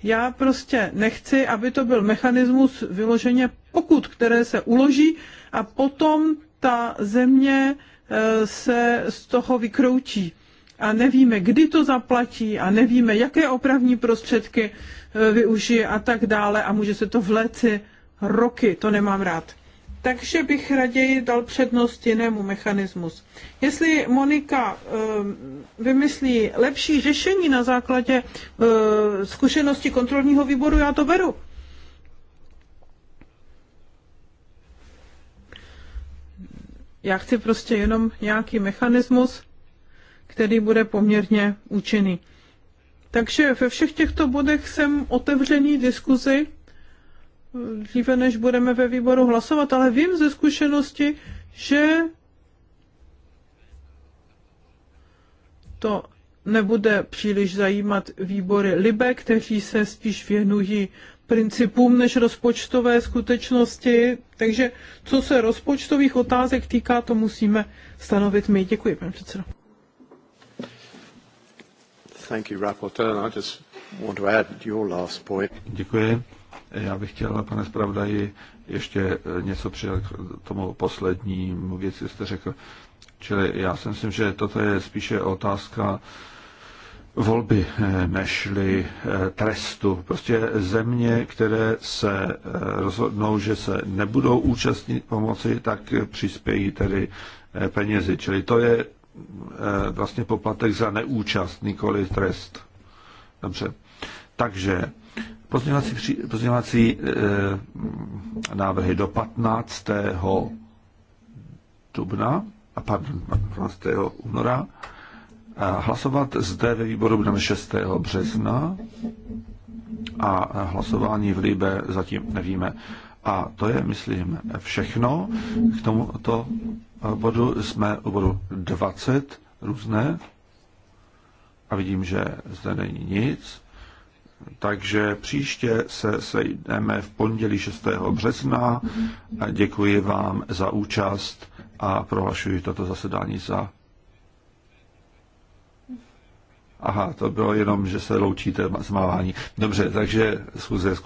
já prostě nechci, aby to byl mechanismus vyloženě pokud, které se uloží a potom ta země e, se z toho vykroutí. A nevíme, kdy to zaplatí a nevíme, jaké opravní prostředky e, využije a tak dále a může se to vléci roky. To nemám rád takže bych raději dal přednost jinému mechanismus. Jestli Monika eh, vymyslí lepší řešení na základě eh, zkušenosti kontrolního výboru, já to beru. Já chci prostě jenom nějaký mechanismus, který bude poměrně účinný. Takže ve všech těchto bodech jsem otevřený diskuzi dříve, než budeme ve výboru hlasovat, ale vím ze zkušenosti, že to nebude příliš zajímat výbory Libe, kteří se spíš věnují principům než rozpočtové skutečnosti. Takže co se rozpočtových otázek týká, to musíme stanovit my. Děkuji, pane předsedo. Děkuji. Já bych chtěl, pane zpravodaji, ještě eh, něco přidat k tomu poslednímu věci, jste řekl. Čili já si myslím, že toto je spíše otázka volby eh, nežli eh, trestu. Prostě země, které se rozhodnou, že se nebudou účastnit pomoci, tak přispějí tedy penězi. Čili to je vlastně poplatek za neúčast, nikoli trest. Dobře. Takže Pozměňovací, pozměňovací e, návrhy do 15. dubna a pardon, 15. února. A hlasovat zde ve výboru budeme 6. března a hlasování v Líbe zatím nevíme. A to je, myslím, všechno. K tomuto bodu jsme u bodu 20 různé a vidím, že zde není nic. Takže příště se sejdeme v pondělí 6. března. Děkuji vám za účast a prohlašuji toto zasedání za. Aha, to bylo jenom, že se loučíte zmávání. Dobře, takže schůze je